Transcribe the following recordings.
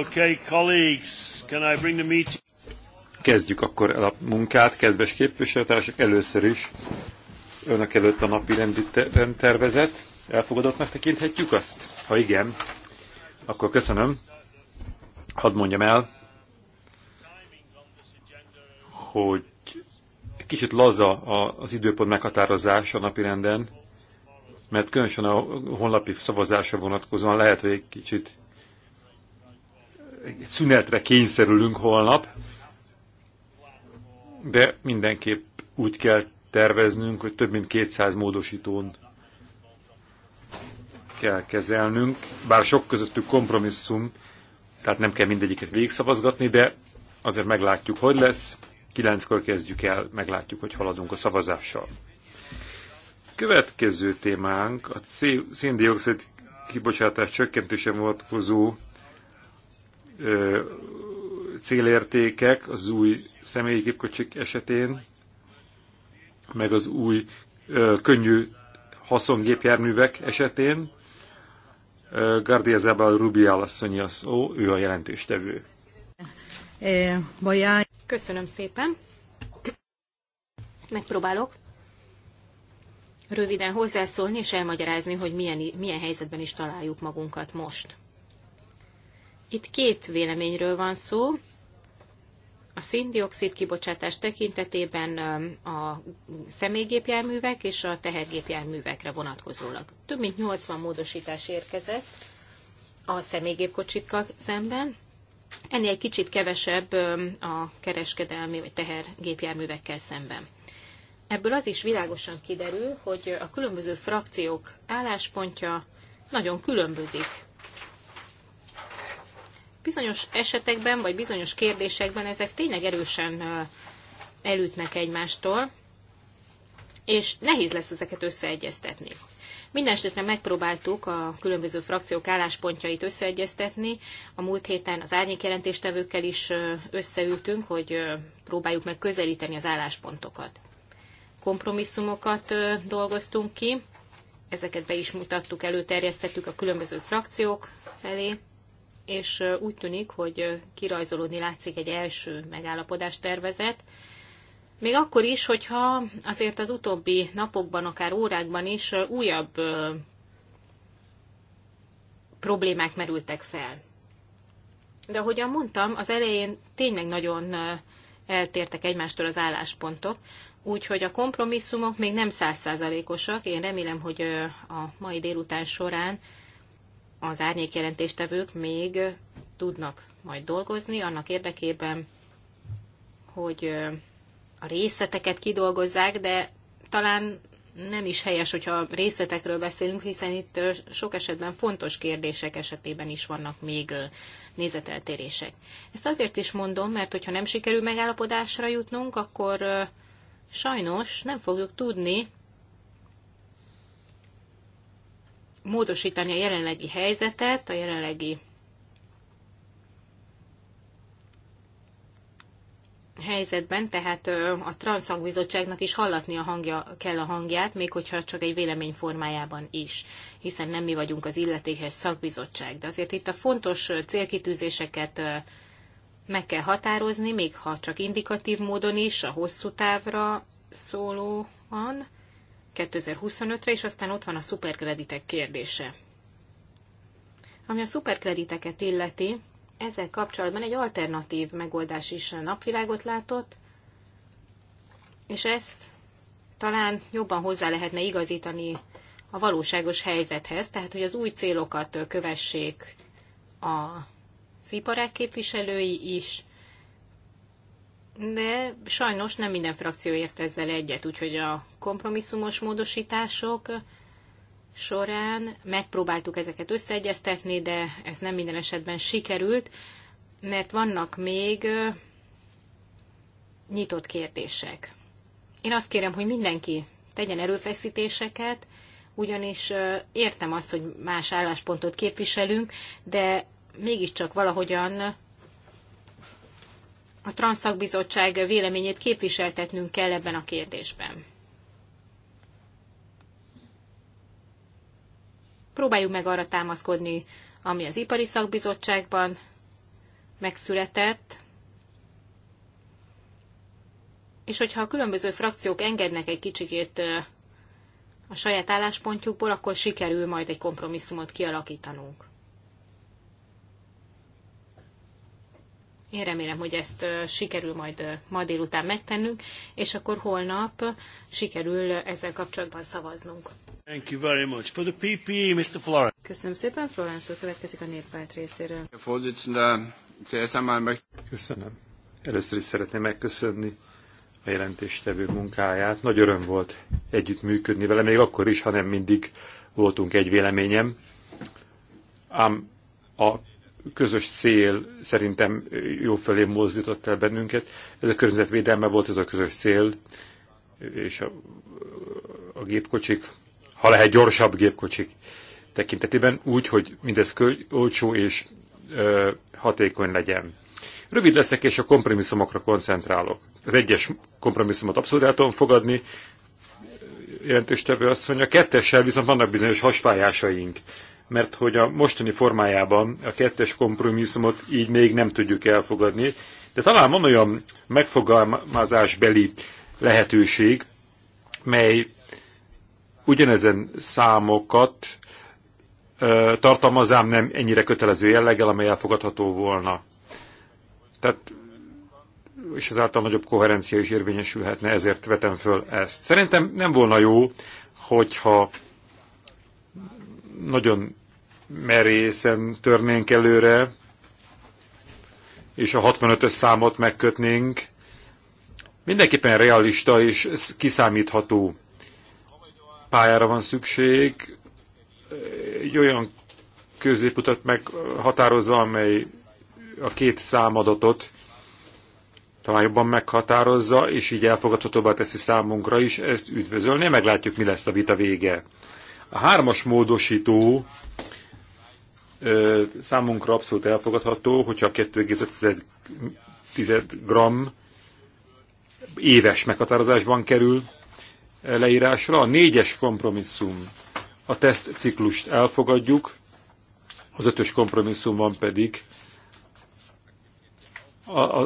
Okay, colleagues, can I bring the meeting? Kezdjük akkor el a munkát, kedves képviselőtársak, először is önök előtt a napi rendtervezet. Elfogadottnak tekinthetjük azt? Ha igen, akkor köszönöm. Hadd mondjam el, hogy kicsit laza az időpont meghatározás a napi renden mert különösen a honlapi szavazásra vonatkozóan lehet, hogy egy kicsit egy szünetre kényszerülünk holnap, de mindenképp úgy kell terveznünk, hogy több mint 200 módosítón kell kezelnünk, bár sok közöttük kompromisszum, tehát nem kell mindegyiket végigszavazgatni, de azért meglátjuk, hogy lesz. Kilenckor kezdjük el, meglátjuk, hogy haladunk a szavazással. Következő témánk a széndiokszid kibocsátás csökkentése vonatkozó célértékek az új személyi gépkocsik esetén, meg az új ö, könnyű haszongépjárművek esetén. Gardia Zabal Rubial asszony a szó, ő a jelentéstevő. Köszönöm szépen. Megpróbálok röviden hozzászólni és elmagyarázni, hogy milyen, milyen helyzetben is találjuk magunkat most. Itt két véleményről van szó. A szindioxid kibocsátás tekintetében a személygépjárművek és a tehergépjárművekre vonatkozólag. Több mint 80 módosítás érkezett a személygépkocsikkal szemben, ennél egy kicsit kevesebb a kereskedelmi vagy tehergépjárművekkel szemben. Ebből az is világosan kiderül, hogy a különböző frakciók álláspontja nagyon különbözik. Bizonyos esetekben, vagy bizonyos kérdésekben ezek tényleg erősen elütnek egymástól, és nehéz lesz ezeket összeegyeztetni. Mindenesetre megpróbáltuk a különböző frakciók álláspontjait összeegyeztetni. A múlt héten az árnyékjelentéstevőkkel is összeültünk, hogy próbáljuk meg közelíteni az álláspontokat kompromisszumokat dolgoztunk ki, ezeket be is mutattuk, előterjesztettük a különböző frakciók felé, és úgy tűnik, hogy kirajzolódni látszik egy első megállapodás tervezet, még akkor is, hogyha azért az utóbbi napokban, akár órákban is újabb problémák merültek fel. De ahogyan mondtam, az elején tényleg nagyon eltértek egymástól az álláspontok. Úgyhogy a kompromisszumok még nem százszázalékosak. Én remélem, hogy a mai délután során az árnyékjelentéstevők még tudnak majd dolgozni annak érdekében, hogy a részleteket kidolgozzák, de talán nem is helyes, hogyha részletekről beszélünk, hiszen itt sok esetben fontos kérdések esetében is vannak még nézeteltérések. Ezt azért is mondom, mert hogyha nem sikerül megállapodásra jutnunk, akkor sajnos nem fogjuk tudni módosítani a jelenlegi helyzetet, a jelenlegi helyzetben, tehát a transzangbizottságnak is hallatni a hangja, kell a hangját, még hogyha csak egy vélemény formájában is, hiszen nem mi vagyunk az illetékes szakbizottság. De azért itt a fontos célkitűzéseket meg kell határozni, még ha csak indikatív módon is, a hosszú távra szólóan, 2025-re, és aztán ott van a szuperkreditek kérdése. Ami a szuperkrediteket illeti, ezzel kapcsolatban egy alternatív megoldás is a napvilágot látott, és ezt talán jobban hozzá lehetne igazítani a valóságos helyzethez, tehát hogy az új célokat kövessék a az iparák képviselői is, de sajnos nem minden frakció ért ezzel egyet, úgyhogy a kompromisszumos módosítások során megpróbáltuk ezeket összeegyeztetni, de ez nem minden esetben sikerült, mert vannak még nyitott kérdések. Én azt kérem, hogy mindenki tegyen erőfeszítéseket, ugyanis értem azt, hogy más álláspontot képviselünk, de mégiscsak valahogyan a Transzakbizottság véleményét képviseltetnünk kell ebben a kérdésben. Próbáljuk meg arra támaszkodni, ami az Ipari Szakbizottságban megszületett, és hogyha a különböző frakciók engednek egy kicsikét a saját álláspontjukból, akkor sikerül majd egy kompromisszumot kialakítanunk. Én remélem, hogy ezt sikerül majd ma délután megtennünk, és akkor holnap sikerül ezzel kapcsolatban szavaznunk. Thank you very much. For the PP, Mr. Florence. Köszönöm szépen, Florence úr következik a néppárt részéről. Köszönöm. Először is szeretném megköszönni a jelentéstevő munkáját. Nagy öröm volt együtt működni vele, még akkor is, ha nem mindig voltunk egy véleményem. Ám a közös cél szerintem jó felé mozdított el bennünket. Ez a környezetvédelme volt ez a közös cél, és a, a gépkocsik, ha lehet gyorsabb gépkocsik tekintetében, úgy, hogy mindez olcsó és ö, hatékony legyen. Rövid leszek, és a kompromisszumokra koncentrálok. Az egyes kompromisszumot abszolút el tudom fogadni, jelentéstevő asszony, a kettessel viszont vannak bizonyos hasfájásaink mert hogy a mostani formájában a kettes kompromisszumot így még nem tudjuk elfogadni, de talán van olyan megfogalmazásbeli lehetőség, mely ugyanezen számokat ö, tartalmazám nem ennyire kötelező jelleggel, amely elfogadható volna. Tehát és ezáltal nagyobb koherencia is érvényesülhetne, ezért vetem föl ezt. Szerintem nem volna jó, hogyha nagyon merészen törnénk előre, és a 65-ös számot megkötnénk, mindenképpen realista és kiszámítható pályára van szükség, egy olyan középutat meghatározva, amely a két számadatot talán jobban meghatározza, és így elfogadhatóbbá teszi számunkra is, ezt üdvözölni, meglátjuk, mi lesz a vita vége. A hármas módosító számunkra abszolút elfogadható, hogyha 2,5 g éves meghatározásban kerül eh, leírásra. A négyes kompromisszum a tesztciklust elfogadjuk, az ötös kompromisszumban pedig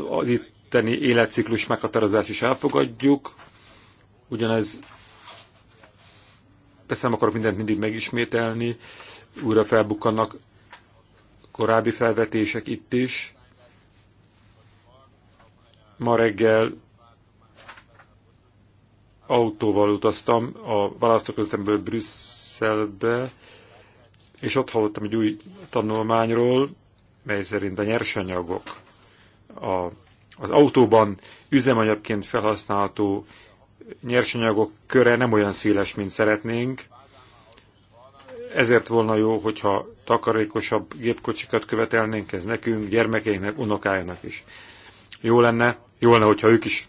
az itteni életciklus meghatározás is elfogadjuk, ugyanez persze nem akarok mindent mindig megismételni, újra felbukkannak korábbi felvetések itt is. Ma reggel autóval utaztam a választóközletemből Brüsszelbe, és ott hallottam egy új tanulmányról, mely szerint a nyersanyagok, a, az autóban üzemanyagként felhasználható nyersanyagok köre nem olyan széles, mint szeretnénk, ezért volna jó, hogyha takarékosabb gépkocsikat követelnénk, ez nekünk, gyermekeinknek, unokáinak is. Jó lenne, jó lenne, hogyha ők is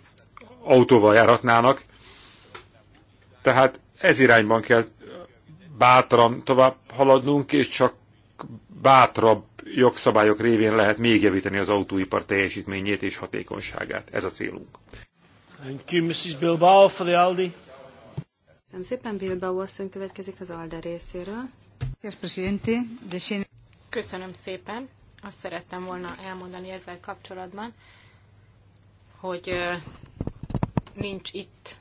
autóval járhatnának. Tehát ez irányban kell bátran tovább haladnunk, és csak bátrabb jogszabályok révén lehet még javítani az autóipar teljesítményét és hatékonyságát. Ez a célunk. Thank you, Mrs. Bilbao, for the Aldi. Köszönöm szépen, Bilbao asszony következik az ALDE részéről. Köszönöm szépen. Azt szerettem volna elmondani ezzel kapcsolatban, hogy nincs itt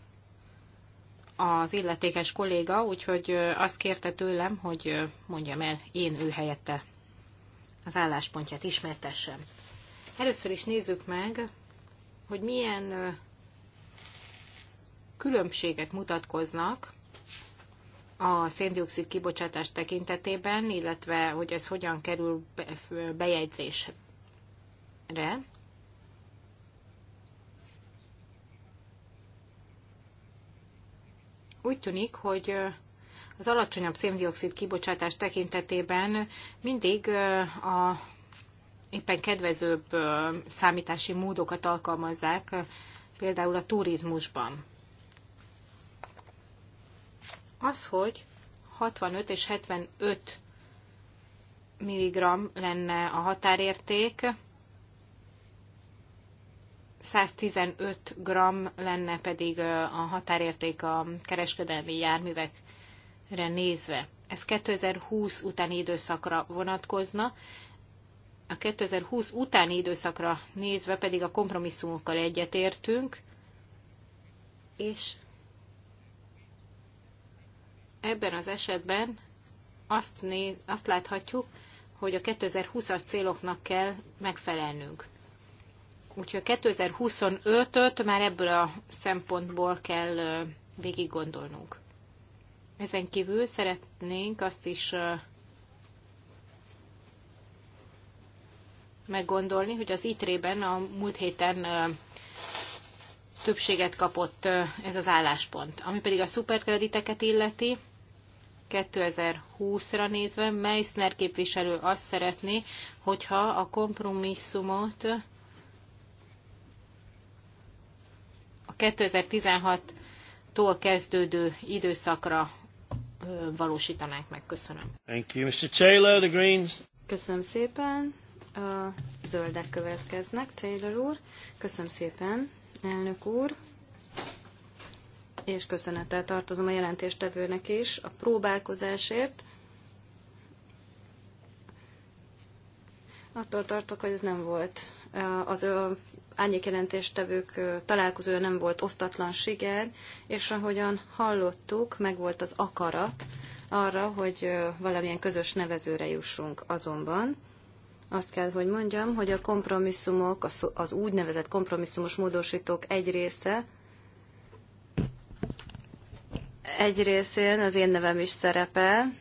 az illetékes kolléga, úgyhogy azt kérte tőlem, hogy mondjam el, én ő helyette az álláspontját ismertessem. Először is nézzük meg, hogy milyen különbségek mutatkoznak a széndiokszid kibocsátás tekintetében, illetve hogy ez hogyan kerül bejegyzésre. Úgy tűnik, hogy az alacsonyabb széndiokszid kibocsátás tekintetében mindig a éppen kedvezőbb számítási módokat alkalmazzák, például a turizmusban az, hogy 65 és 75 mg lenne a határérték, 115 g lenne pedig a határérték a kereskedelmi járművekre nézve. Ez 2020 utáni időszakra vonatkozna, a 2020 utáni időszakra nézve pedig a kompromisszumokkal egyetértünk, és Ebben az esetben azt, néz, azt láthatjuk, hogy a 2020-as céloknak kell megfelelnünk. Úgyhogy 2025-öt már ebből a szempontból kell végig gondolnunk. Ezen kívül szeretnénk azt is meggondolni, hogy az ITRE-ben a múlt héten többséget kapott ez az álláspont. Ami pedig a szuperkrediteket illeti, 2020-ra nézve Meissner képviselő azt szeretné, hogyha a kompromisszumot a 2016-tól kezdődő időszakra valósítanánk meg. Köszönöm. Thank you, Mr. Taylor, the Greens. Köszönöm szépen. A zöldek következnek, Taylor úr. Köszönöm szépen, elnök úr és köszönettel tartozom a jelentéstevőnek is a próbálkozásért. Attól tartok, hogy ez nem volt eh, az jelentéstevők találkozója nem volt osztatlan siker, és ahogyan hallottuk, meg volt az akarat arra, hogy valamilyen közös nevezőre jussunk azonban. Azt kell, hogy mondjam, hogy a kompromisszumok, az úgynevezett kompromisszumos módosítók egy része egy részén az én nevem is szerepel,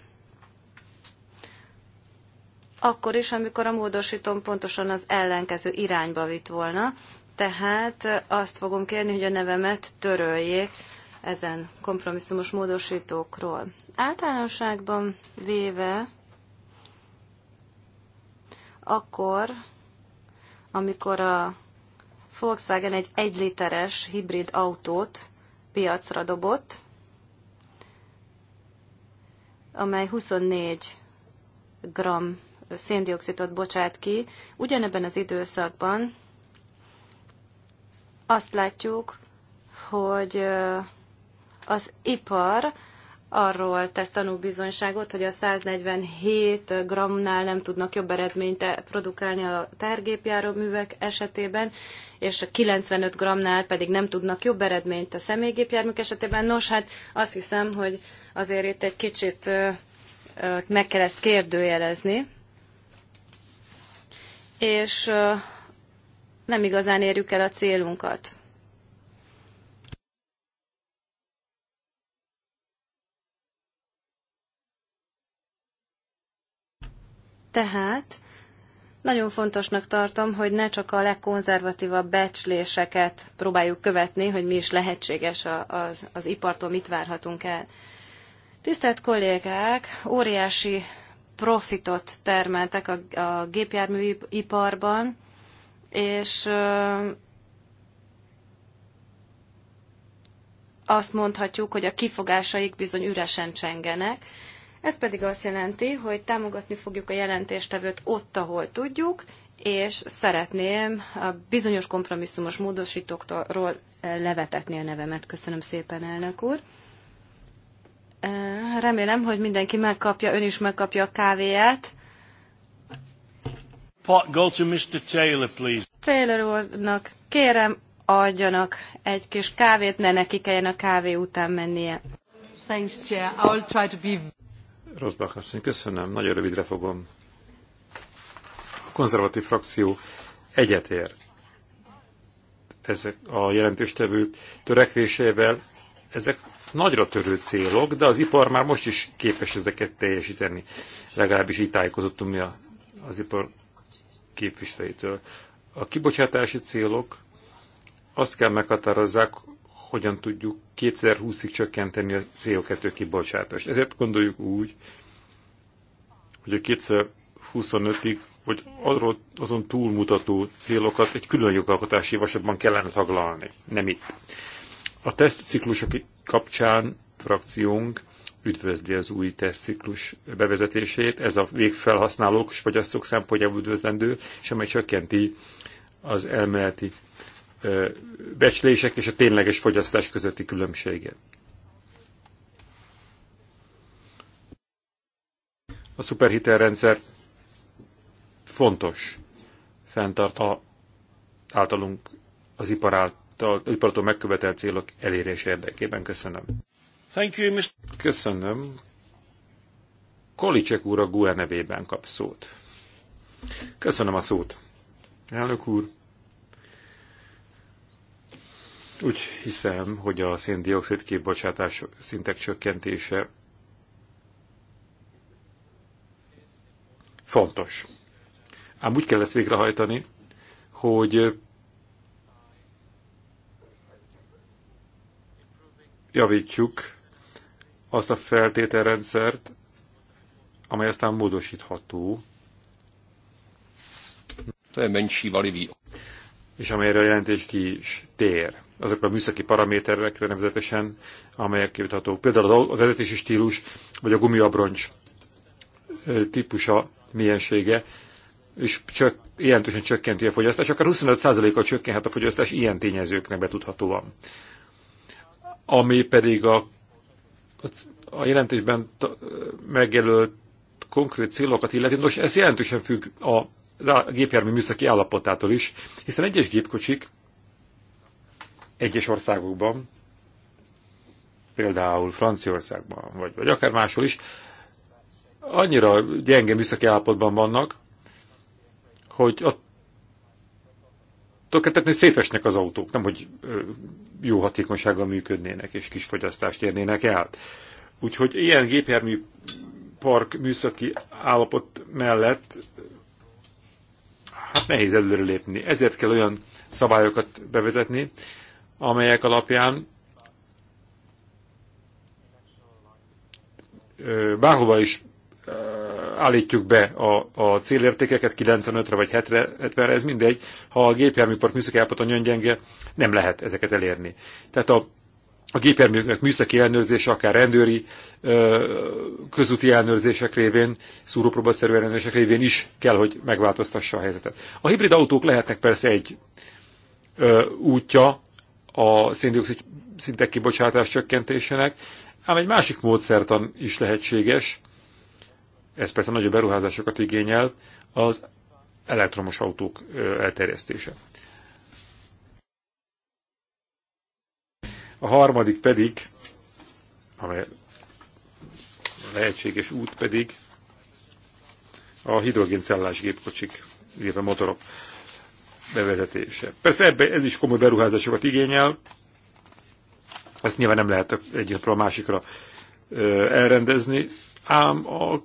akkor is, amikor a módosítom pontosan az ellenkező irányba vitt volna, tehát azt fogom kérni, hogy a nevemet töröljék ezen kompromisszumos módosítókról. Általánosságban véve, akkor, amikor a Volkswagen egy egyliteres hibrid autót piacra dobott, amely 24 g széndiokszidot bocsát ki, ugyanebben az időszakban azt látjuk, hogy az ipar arról tesz tanúbizonyságot, hogy a 147 g-nál nem tudnak jobb eredményt e- produkálni a tárgépjárművek esetében, és a 95 g-nál pedig nem tudnak jobb eredményt a személygépjárműk esetében. Nos, hát azt hiszem, hogy azért itt egy kicsit meg kell ezt kérdőjelezni, és nem igazán érjük el a célunkat. Tehát nagyon fontosnak tartom, hogy ne csak a legkonzervatívabb becsléseket próbáljuk követni, hogy mi is lehetséges az, az ipartól, mit várhatunk el. Tisztelt kollégák, óriási profitot termeltek a, a gépjárműiparban, és azt mondhatjuk, hogy a kifogásaik bizony üresen csengenek. Ez pedig azt jelenti, hogy támogatni fogjuk a jelentéstevőt ott, ahol tudjuk, és szeretném a bizonyos kompromisszumos módosítóktól levetetni a nevemet. Köszönöm szépen, elnök úr. Eh, remélem, hogy mindenki megkapja, ön is megkapja a kávéját. Pot, go to Mr. Taylor, please. Taylor úrnak kérem, adjanak egy kis kávét, ne neki kelljen a kávé után mennie. Thanks, Chair. I will try to be... Rosbach asszony, köszönöm, nagyon rövidre fogom. A konzervatív frakció egyetért ezek a jelentéstevő törekvésével ezek nagyra törő célok, de az ipar már most is képes ezeket teljesíteni. Legalábbis így tájékozottunk mi az ipar képviselőitől. A kibocsátási célok azt kell meghatározzák, hogyan tudjuk 2020-ig csökkenteni a CO2 kibocsátást. Ezért gondoljuk úgy, hogy a 2025-ig, vagy arról azon túlmutató célokat egy külön jogalkotási javaslatban kellene taglalni. Nem itt. A tesztciklusok kapcsán frakciónk üdvözli az új tesztciklus bevezetését, ez a végfelhasználók és fogyasztók szempontjából üdvözlendő, és amely csökkenti az elméleti becslések és a tényleges fogyasztás közötti különbséget. A szuperhitelrendszer fontos fenntart a, általunk az iparát ipartól megkövetelt célok elérése érdekében. Köszönöm. Thank you, Mr. Köszönöm. Kolicek úr a GUE nevében kap szót. Köszönöm a szót. Elnök úr. Úgy hiszem, hogy a széndiokszid kibocsátás szintek csökkentése fontos. Ám úgy kell ezt végrehajtani, hogy javítjuk azt a feltételrendszert, amely aztán módosítható. És amelyre a jelentés ki is tér. Azok a műszaki paraméterekre nevezetesen, amelyek kiutatók. Például a vezetési stílus, vagy a gumiabroncs típusa, miensége, és csak, jelentősen csökkenti a fogyasztás, akár 25%-kal csökkenhet a fogyasztás ilyen tényezőknek betudhatóan ami pedig a, a jelentésben megjelölt konkrét célokat illeti. Nos, ez jelentősen függ a a gépjármű műszaki állapotától is, hiszen egyes gépkocsik egyes országokban, például Franciaországban, vagy, vagy akár máshol is, annyira gyenge műszaki állapotban vannak, hogy a tulajdonképpen szétesnek az autók, nem hogy jó hatékonysággal működnének és kis fogyasztást érnének el. Úgyhogy ilyen gépjármű park műszaki állapot mellett hát nehéz előre lépni. Ezért kell olyan szabályokat bevezetni, amelyek alapján bárhova is állítjuk be a, a célértékeket 95-re vagy 70-re, ez mindegy, ha a gépjárműpark műszaki állapota nagyon gyenge, nem lehet ezeket elérni. Tehát a, a gépjárműnek műszaki ellenőrzése, akár rendőri, közúti ellenőrzések révén, szúrópróbaszerű ellenőrzések révén is kell, hogy megváltoztassa a helyzetet. A hibrid autók lehetnek persze egy útja a széndiokszid szintek kibocsátás csökkentésének, ám egy másik módszertan is lehetséges, ez persze nagyobb beruházásokat igényel, az elektromos autók elterjesztése. A harmadik pedig, amely lehetséges út pedig a hidrogéncellás gépkocsik, illetve motorok bevezetése. Persze ebbe, ez is komoly beruházásokat igényel, ezt nyilván nem lehet egyikről a másikra elrendezni, ám a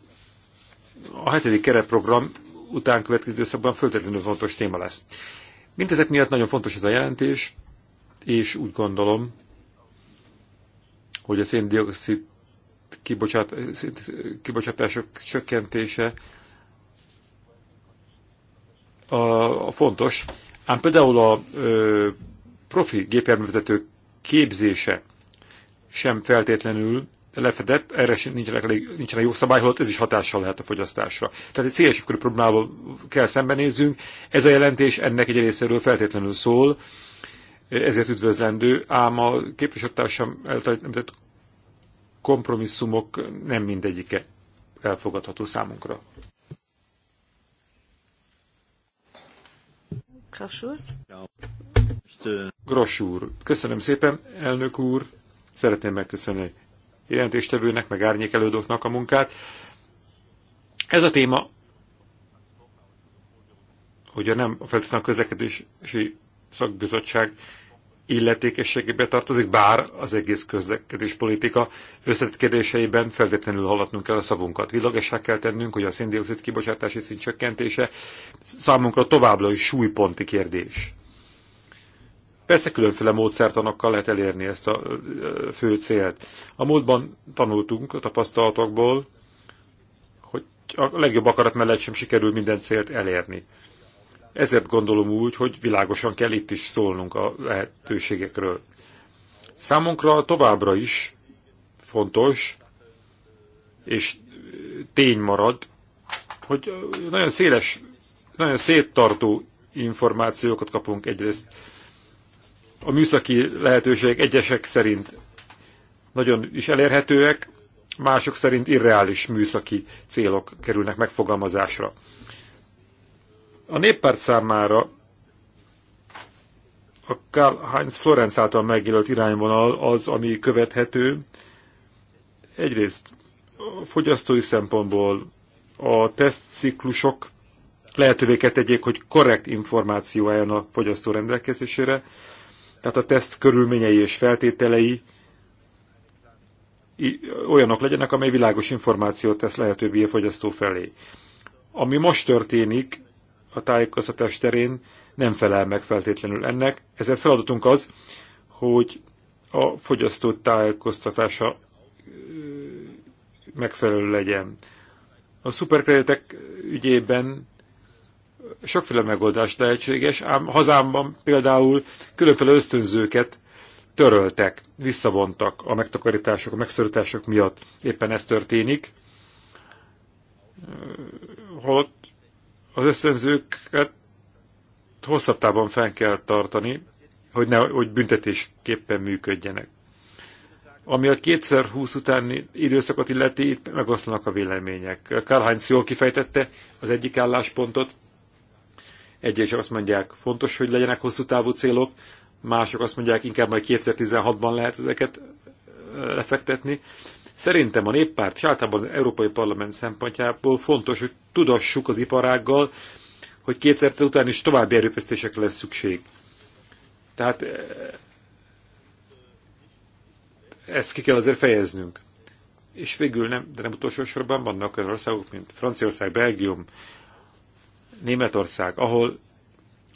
a hetedik keretprogram után következő időszakban föltétlenül fontos téma lesz. Mindezek miatt nagyon fontos ez a jelentés, és úgy gondolom, hogy a széndiokszid kibocsát, kibocsátások csökkentése a, a fontos. Ám például a ö, profi gépjárművezető képzése sem feltétlenül lefedett, erre nincs, jó szabály holott ez is hatással lehet a fogyasztásra. Tehát egy szélesebb körű problémával kell szembenézzünk. Ez a jelentés ennek egy részéről feltétlenül szól, ezért üdvözlendő, ám a képviselőtársam említett kompromisszumok nem mindegyike elfogadható számunkra. Kassur? köszönöm szépen, elnök úr, szeretném megköszönni jelentéstevőnek, meg árnyékelődőknek a munkát. Ez a téma ugye nem a feltétlenül közlekedési szakbizottság illetékességében tartozik, bár az egész közlekedés politika összetkérdéseiben feltétlenül hallatnunk kell a szavunkat. Világessá kell tennünk, hogy a széndiokszid kibocsátási szint csökkentése számunkra továbbra is súlyponti kérdés. Persze különféle módszertanokkal lehet elérni ezt a fő célt. A múltban tanultunk a tapasztalatokból, hogy a legjobb akarat mellett sem sikerül minden célt elérni. Ezért gondolom úgy, hogy világosan kell itt is szólnunk a lehetőségekről. Számunkra továbbra is fontos, és tény marad, hogy nagyon széles, nagyon széttartó információkat kapunk egyrészt a műszaki lehetőségek egyesek szerint nagyon is elérhetőek, mások szerint irreális műszaki célok kerülnek megfogalmazásra. A néppárt számára a Karl Heinz Florenz által megjelölt irányvonal az, ami követhető. Egyrészt a fogyasztói szempontból a tesztciklusok lehetővé kell tegyék, hogy korrekt információ álljon a fogyasztó rendelkezésére tehát a teszt körülményei és feltételei olyanok legyenek, amely világos információt tesz lehetővé a fogyasztó felé. Ami most történik a tájékoztatás terén, nem felel meg feltétlenül ennek, ezért feladatunk az, hogy a fogyasztó tájékoztatása megfelelő legyen. A szuperkreditek ügyében sokféle megoldás lehetséges, ám hazámban például különféle ösztönzőket töröltek, visszavontak a megtakarítások, a megszorítások miatt. Éppen ez történik. Holott az ösztönzőket hosszabb távon fenn kell tartani, hogy, ne, hogy büntetésképpen működjenek. Ami a 2020 utáni időszakot illeti, itt megoszlanak a vélemények. Karl Heinz jól kifejtette az egyik álláspontot, Egyesek azt mondják, fontos, hogy legyenek hosszú távú célok, mások azt mondják, inkább majd 2016-ban lehet ezeket lefektetni. Szerintem a néppárt, és általában az Európai Parlament szempontjából fontos, hogy tudassuk az iparággal, hogy kétszer után is további erőfeszítésekre lesz szükség. Tehát ezt ki kell azért fejeznünk. És végül nem, de nem utolsó sorban vannak olyan országok, mint Franciaország, Belgium, Németország, ahol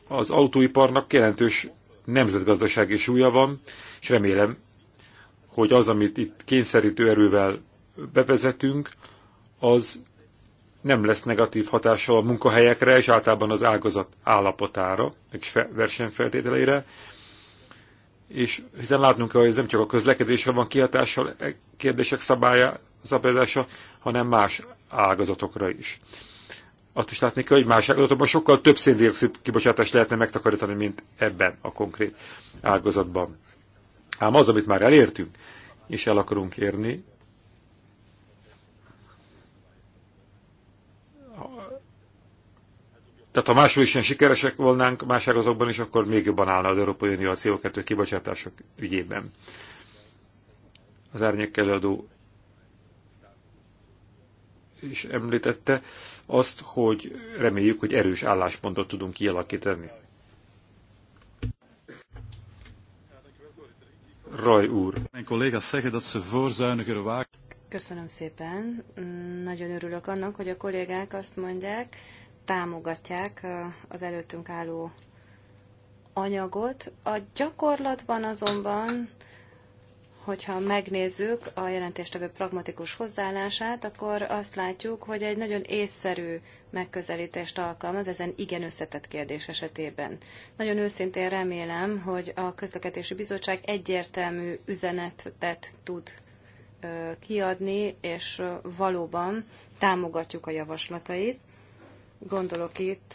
az autóiparnak jelentős nemzetgazdasági súlya van, és remélem, hogy az, amit itt kényszerítő erővel bevezetünk, az nem lesz negatív hatással a munkahelyekre és általában az ágazat állapotára és versenyfeltételeire, és hiszen látnunk kell, hogy ez nem csak a közlekedésre van kihatással e- kérdések szabálya, szabályozása, hanem más ágazatokra is azt is látni kell, hogy más ágazatokban sokkal több széndiokszid kibocsátást lehetne megtakarítani, mint ebben a konkrét ágazatban. Ám az, amit már elértünk, és el akarunk érni, Tehát ha máshol is ilyen sikeresek volnánk, más ágazatban is, akkor még jobban állna az Európai Unió a CO2 kibocsátások ügyében. Az árnyék előadó is említette azt, hogy reméljük, hogy erős álláspontot tudunk kialakítani. Raj úr. Köszönöm szépen. Nagyon örülök annak, hogy a kollégák azt mondják, támogatják az előttünk álló anyagot. A gyakorlatban azonban hogyha megnézzük a jelentéstevő pragmatikus hozzáállását, akkor azt látjuk, hogy egy nagyon észszerű megközelítést alkalmaz ezen igen összetett kérdés esetében. Nagyon őszintén remélem, hogy a közlekedési bizottság egyértelmű üzenetet tud kiadni, és valóban támogatjuk a javaslatait. Gondolok itt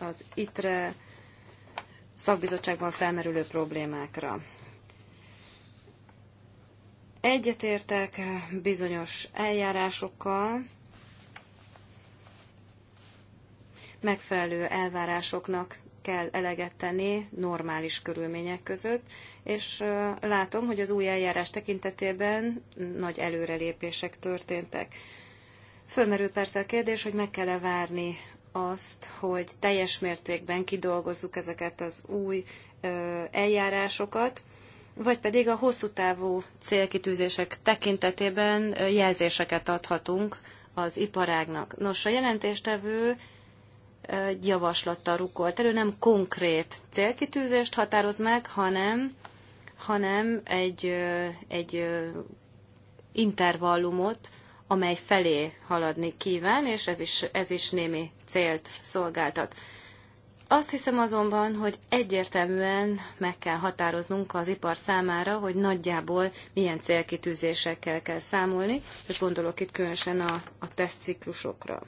az ITRE szakbizottságban felmerülő problémákra. Egyetértek bizonyos eljárásokkal, megfelelő elvárásoknak kell eleget tenni normális körülmények között, és látom, hogy az új eljárás tekintetében nagy előrelépések történtek. Fölmerül persze a kérdés, hogy meg kell-e várni azt, hogy teljes mértékben kidolgozzuk ezeket az új eljárásokat, vagy pedig a hosszú távú célkitűzések tekintetében jelzéseket adhatunk az iparágnak. Nos, a jelentéstevő javaslattal rukolt elő, nem konkrét célkitűzést határoz meg, hanem, hanem egy, egy intervallumot, amely felé haladni kíván, és ez is, ez is némi célt szolgáltat. Azt hiszem azonban, hogy egyértelműen meg kell határoznunk az ipar számára, hogy nagyjából milyen célkitűzésekkel kell számolni, és gondolok itt különösen a, a tesztciklusokra.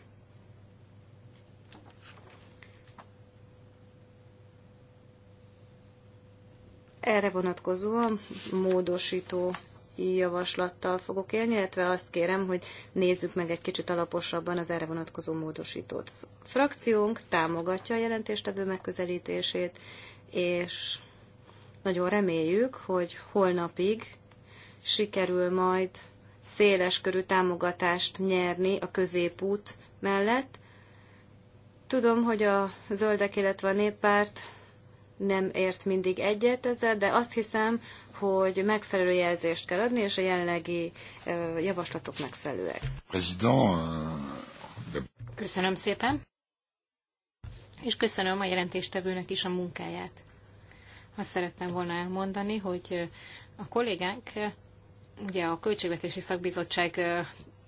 Erre vonatkozóan módosító javaslattal fogok élni, illetve azt kérem, hogy nézzük meg egy kicsit alaposabban az erre vonatkozó módosítót. Frakciónk támogatja a jelentéstevő megközelítését, és nagyon reméljük, hogy holnapig sikerül majd széles körű támogatást nyerni a középút mellett. Tudom, hogy a zöldek, illetve a néppárt nem ért mindig egyet ezzel, de azt hiszem, hogy megfelelő jelzést kell adni, és a jelenlegi javaslatok megfelelőek. Köszönöm szépen, és köszönöm a jelentéstevőnek is a munkáját. Azt szerettem volna elmondani, hogy a kollégánk ugye a Költségvetési Szakbizottság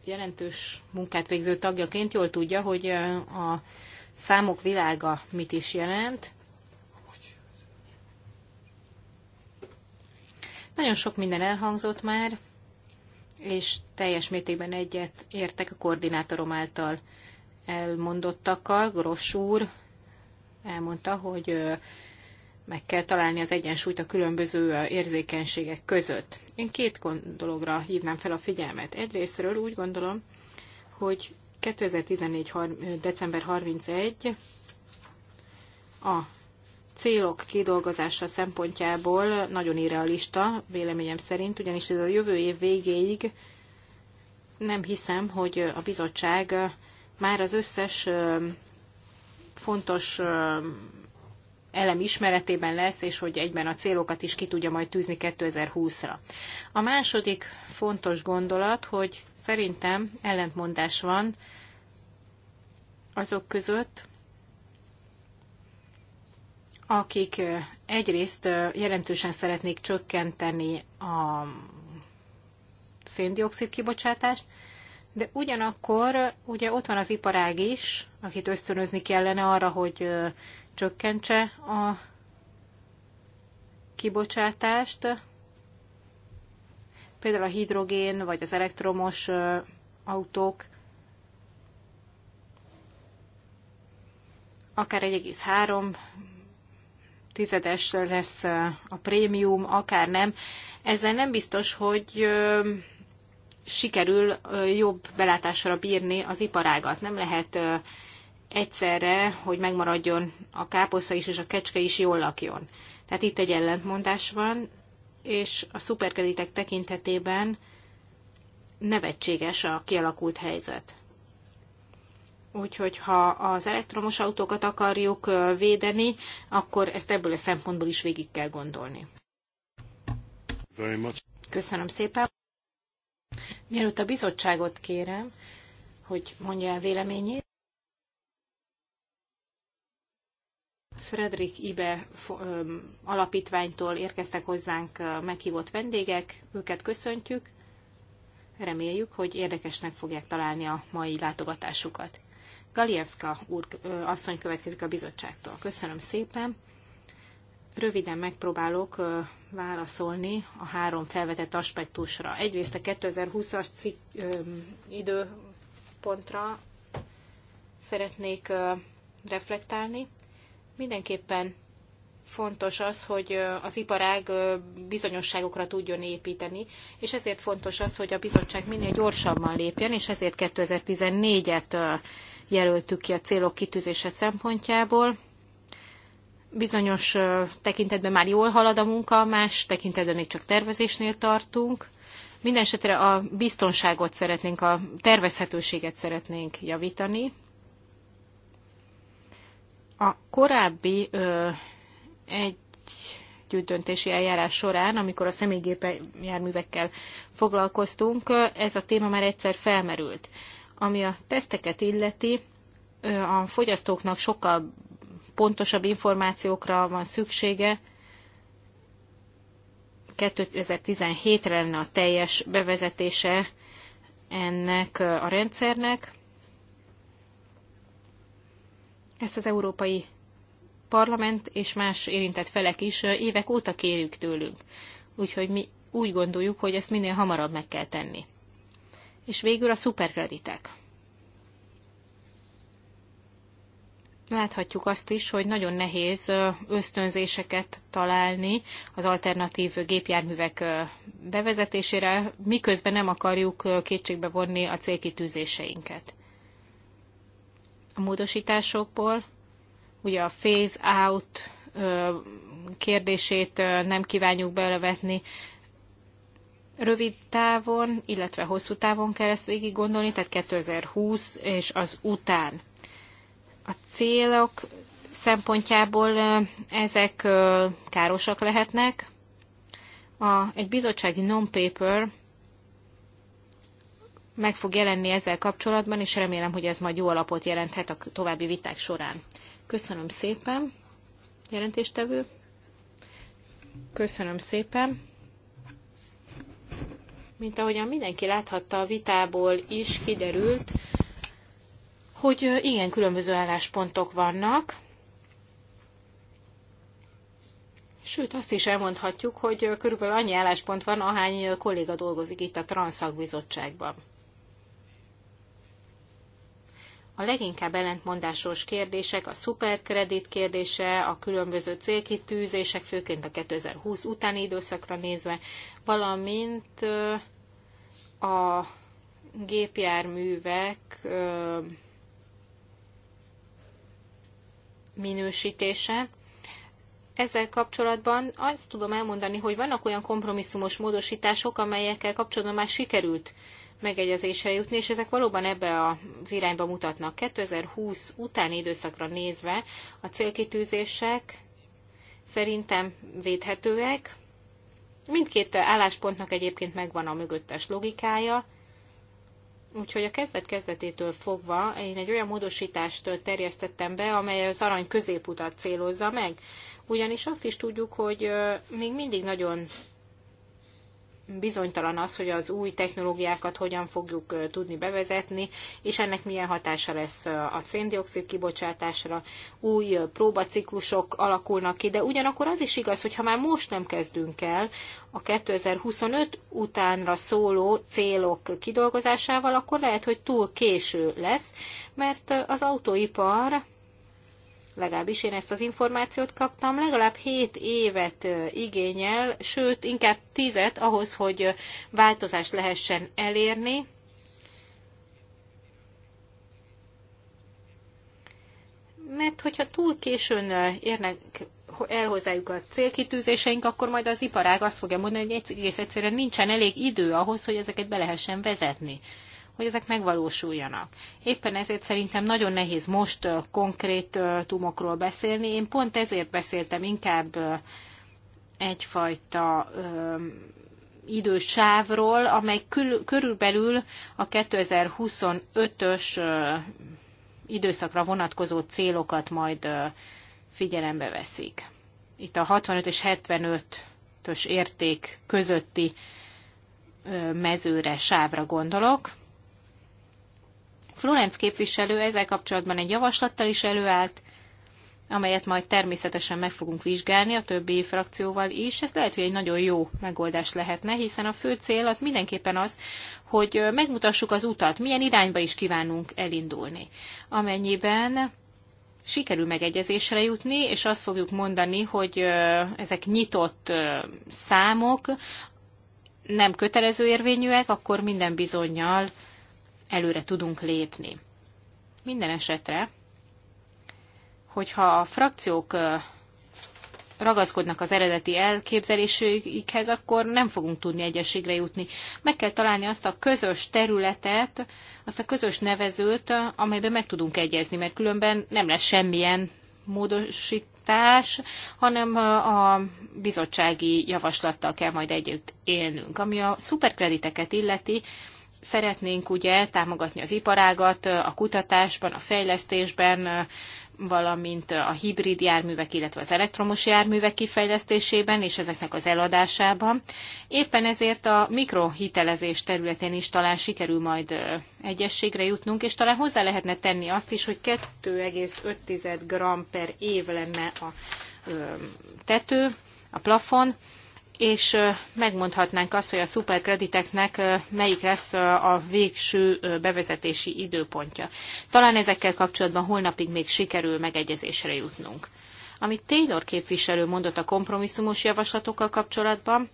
jelentős munkát végző tagjaként jól tudja, hogy a számok világa mit is jelent, Nagyon sok minden elhangzott már, és teljes mértékben egyet értek a koordinátorom által elmondottakkal. Gross úr elmondta, hogy meg kell találni az egyensúlyt a különböző érzékenységek között. Én két dologra hívnám fel a figyelmet. Egyrésztről úgy gondolom, hogy 2014. december 31 a célok kidolgozása szempontjából nagyon irrealista, véleményem szerint, ugyanis ez a jövő év végéig nem hiszem, hogy a bizottság már az összes fontos elem ismeretében lesz, és hogy egyben a célokat is ki tudja majd tűzni 2020-ra. A második fontos gondolat, hogy szerintem ellentmondás van azok között, akik egyrészt jelentősen szeretnék csökkenteni a széndiokszid kibocsátást, de ugyanakkor ugye ott van az iparág is, akit ösztönözni kellene arra, hogy csökkentse a kibocsátást. Például a hidrogén vagy az elektromos autók akár 1,3 tizedes lesz a prémium, akár nem, ezzel nem biztos, hogy sikerül jobb belátásra bírni az iparágat. Nem lehet egyszerre, hogy megmaradjon a káposzta is és a kecske is jól lakjon. Tehát itt egy ellentmondás van, és a szuperkreditek tekintetében nevetséges a kialakult helyzet. Úgyhogy ha az elektromos autókat akarjuk védeni, akkor ezt ebből a szempontból is végig kell gondolni. Köszönöm szépen. Mielőtt a bizottságot kérem, hogy mondja el véleményét, Frederik, Ibe alapítványtól érkeztek hozzánk meghívott vendégek, őket köszöntjük. Reméljük, hogy érdekesnek fogják találni a mai látogatásukat. Galievska úr asszony következik a bizottságtól. Köszönöm szépen. Röviden megpróbálok válaszolni a három felvetett aspektusra. Egyrészt a 2020-as cikk, időpontra szeretnék reflektálni. Mindenképpen fontos az, hogy az iparág bizonyosságokra tudjon építeni, és ezért fontos az, hogy a bizottság minél gyorsabban lépjen, és ezért 2014-et jelöltük ki a célok kitűzése szempontjából. Bizonyos tekintetben már jól halad a munka, más tekintetben még csak tervezésnél tartunk. Mindenesetre a biztonságot szeretnénk, a tervezhetőséget szeretnénk javítani. A korábbi ö, egy együttdöntési eljárás során, amikor a személygépjárművekkel foglalkoztunk, ez a téma már egyszer felmerült. Ami a teszteket illeti, a fogyasztóknak sokkal pontosabb információkra van szüksége. 2017-re lenne a teljes bevezetése ennek a rendszernek. Ezt az Európai Parlament és más érintett felek is évek óta kérjük tőlünk. Úgyhogy mi úgy gondoljuk, hogy ezt minél hamarabb meg kell tenni és végül a szuperkreditek. Láthatjuk azt is, hogy nagyon nehéz ösztönzéseket találni az alternatív gépjárművek bevezetésére, miközben nem akarjuk kétségbe vonni a célkitűzéseinket. A módosításokból ugye a phase out kérdését nem kívánjuk belevetni rövid távon, illetve hosszú távon kell ezt végig gondolni, tehát 2020 és az után. A célok szempontjából ezek károsak lehetnek. A, egy bizottsági non-paper meg fog jelenni ezzel kapcsolatban, és remélem, hogy ez majd jó alapot jelenthet a további viták során. Köszönöm szépen, jelentéstevő. Köszönöm szépen. Mint ahogyan mindenki láthatta a vitából is kiderült, hogy igen, különböző álláspontok vannak, Sőt, azt is elmondhatjuk, hogy körülbelül annyi álláspont van, ahány kolléga dolgozik itt a Transzakbizottságban a leginkább ellentmondásos kérdések, a szuperkredit kérdése, a különböző célkitűzések, főként a 2020 utáni időszakra nézve, valamint a gépjárművek minősítése. Ezzel kapcsolatban azt tudom elmondani, hogy vannak olyan kompromisszumos módosítások, amelyekkel kapcsolatban már sikerült megegyezésre jutni, és ezek valóban ebbe az irányba mutatnak. 2020 utáni időszakra nézve a célkitűzések szerintem védhetőek. Mindkét álláspontnak egyébként megvan a mögöttes logikája, Úgyhogy a kezdet-kezdetétől fogva én egy olyan módosítást terjesztettem be, amely az arany középutat célozza meg. Ugyanis azt is tudjuk, hogy még mindig nagyon bizonytalan az, hogy az új technológiákat hogyan fogjuk tudni bevezetni, és ennek milyen hatása lesz a széndiokszid kibocsátásra, új próbaciklusok alakulnak ki, de ugyanakkor az is igaz, hogy ha már most nem kezdünk el a 2025 utánra szóló célok kidolgozásával, akkor lehet, hogy túl késő lesz, mert az autóipar legalábbis én ezt az információt kaptam, legalább 7 évet igényel, sőt, inkább 10-et ahhoz, hogy változást lehessen elérni. Mert hogyha túl későn érnek el hozzájuk a célkitűzéseink, akkor majd az iparág azt fogja mondani, hogy egész egyszerűen nincsen elég idő ahhoz, hogy ezeket be lehessen vezetni hogy ezek megvalósuljanak. Éppen ezért szerintem nagyon nehéz most konkrét tumokról beszélni. Én pont ezért beszéltem inkább egyfajta idősávról, amely körülbelül a 2025-ös időszakra vonatkozó célokat majd figyelembe veszik. Itt a 65 és 75-ös érték közötti mezőre, sávra gondolok. Florenc képviselő ezzel kapcsolatban egy javaslattal is előállt, amelyet majd természetesen meg fogunk vizsgálni a többi frakcióval is. Ez lehet, hogy egy nagyon jó megoldás lehetne, hiszen a fő cél az mindenképpen az, hogy megmutassuk az utat, milyen irányba is kívánunk elindulni. Amennyiben sikerül megegyezésre jutni, és azt fogjuk mondani, hogy ezek nyitott számok, nem kötelező érvényűek, akkor minden bizonyal előre tudunk lépni. Minden esetre, hogyha a frakciók ragaszkodnak az eredeti elképzelésükhez, akkor nem fogunk tudni egyességre jutni. Meg kell találni azt a közös területet, azt a közös nevezőt, amelyben meg tudunk egyezni, mert különben nem lesz semmilyen módosítás, hanem a bizottsági javaslattal kell majd együtt élnünk. Ami a szuperkrediteket illeti, szeretnénk ugye támogatni az iparágat a kutatásban, a fejlesztésben, valamint a hibrid járművek, illetve az elektromos járművek kifejlesztésében és ezeknek az eladásában. Éppen ezért a mikrohitelezés területén is talán sikerül majd egyességre jutnunk, és talán hozzá lehetne tenni azt is, hogy 2,5 g per év lenne a tető, a plafon, és megmondhatnánk azt, hogy a szuperkrediteknek melyik lesz a végső bevezetési időpontja. Talán ezekkel kapcsolatban holnapig még sikerül megegyezésre jutnunk. Amit Taylor képviselő mondott a kompromisszumos javaslatokkal kapcsolatban,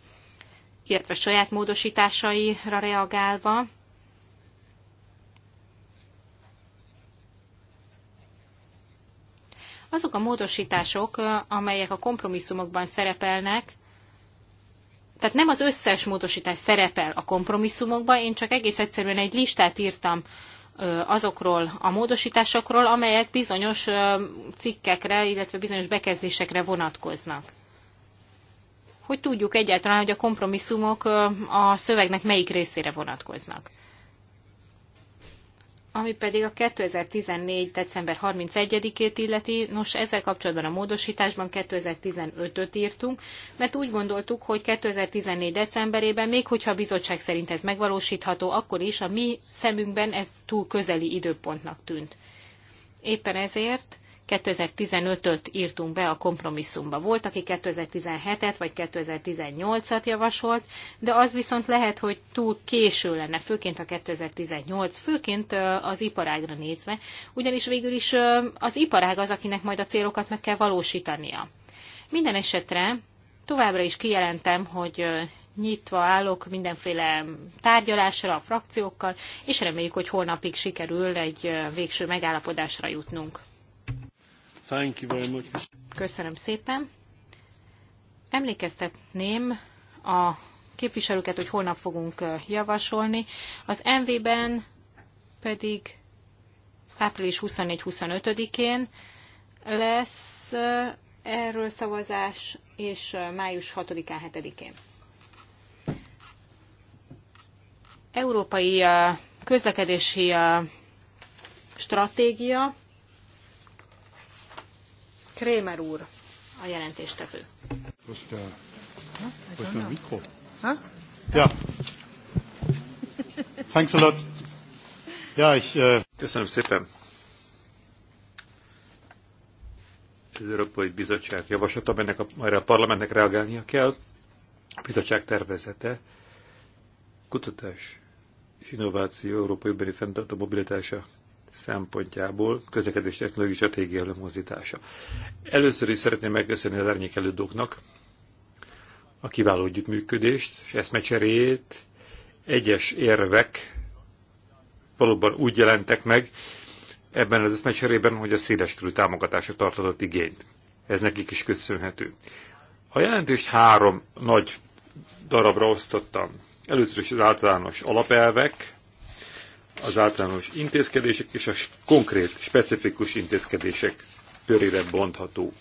illetve saját módosításaira reagálva, azok a módosítások, amelyek a kompromisszumokban szerepelnek, tehát nem az összes módosítás szerepel a kompromisszumokban, én csak egész egyszerűen egy listát írtam azokról a módosításokról, amelyek bizonyos cikkekre, illetve bizonyos bekezdésekre vonatkoznak. Hogy tudjuk egyáltalán, hogy a kompromisszumok a szövegnek melyik részére vonatkoznak ami pedig a 2014. december 31-ét illeti, nos ezzel kapcsolatban a módosításban 2015-öt írtunk, mert úgy gondoltuk, hogy 2014. decemberében, még hogyha a bizottság szerint ez megvalósítható, akkor is a mi szemünkben ez túl közeli időpontnak tűnt. Éppen ezért 2015-öt írtunk be a kompromisszumba. Volt, aki 2017-et vagy 2018-at javasolt, de az viszont lehet, hogy túl késő lenne, főként a 2018, főként az iparágra nézve, ugyanis végül is az iparág az, akinek majd a célokat meg kell valósítania. Minden esetre továbbra is kijelentem, hogy nyitva állok mindenféle tárgyalásra a frakciókkal, és reméljük, hogy holnapig sikerül egy végső megállapodásra jutnunk. Thank you very much. Köszönöm szépen. Emlékeztetném a képviselőket, hogy holnap fogunk javasolni. Az MV-ben pedig április 24-25-én lesz erről szavazás, és május 6-án, 7-én. Európai közlekedési stratégia Krémer úr, a jelentéstevő. Most a, uh, most a mikro. Ha? Ja. Thanks a lot. Ja, ich, uh... Köszönöm szépen. Az Európai Bizottság javaslata, ennek a, erre a parlamentnek reagálnia kell. A bizottság tervezete kutatás innováció Európai Beni Fenntartó Mobilitása szempontjából közlekedés technológiai stratégia előmozdítása. Először is szeretném megköszönni az árnyékelődóknak a kiváló együttműködést és eszmecserét. Egyes érvek valóban úgy jelentek meg ebben az eszmecserében, hogy a széles körű támogatásra tartozott igényt. Ez nekik is köszönhető. A jelentést három nagy darabra osztottam. Először is az általános alapelvek, az általános intézkedések és a konkrét, specifikus intézkedések körére bontható.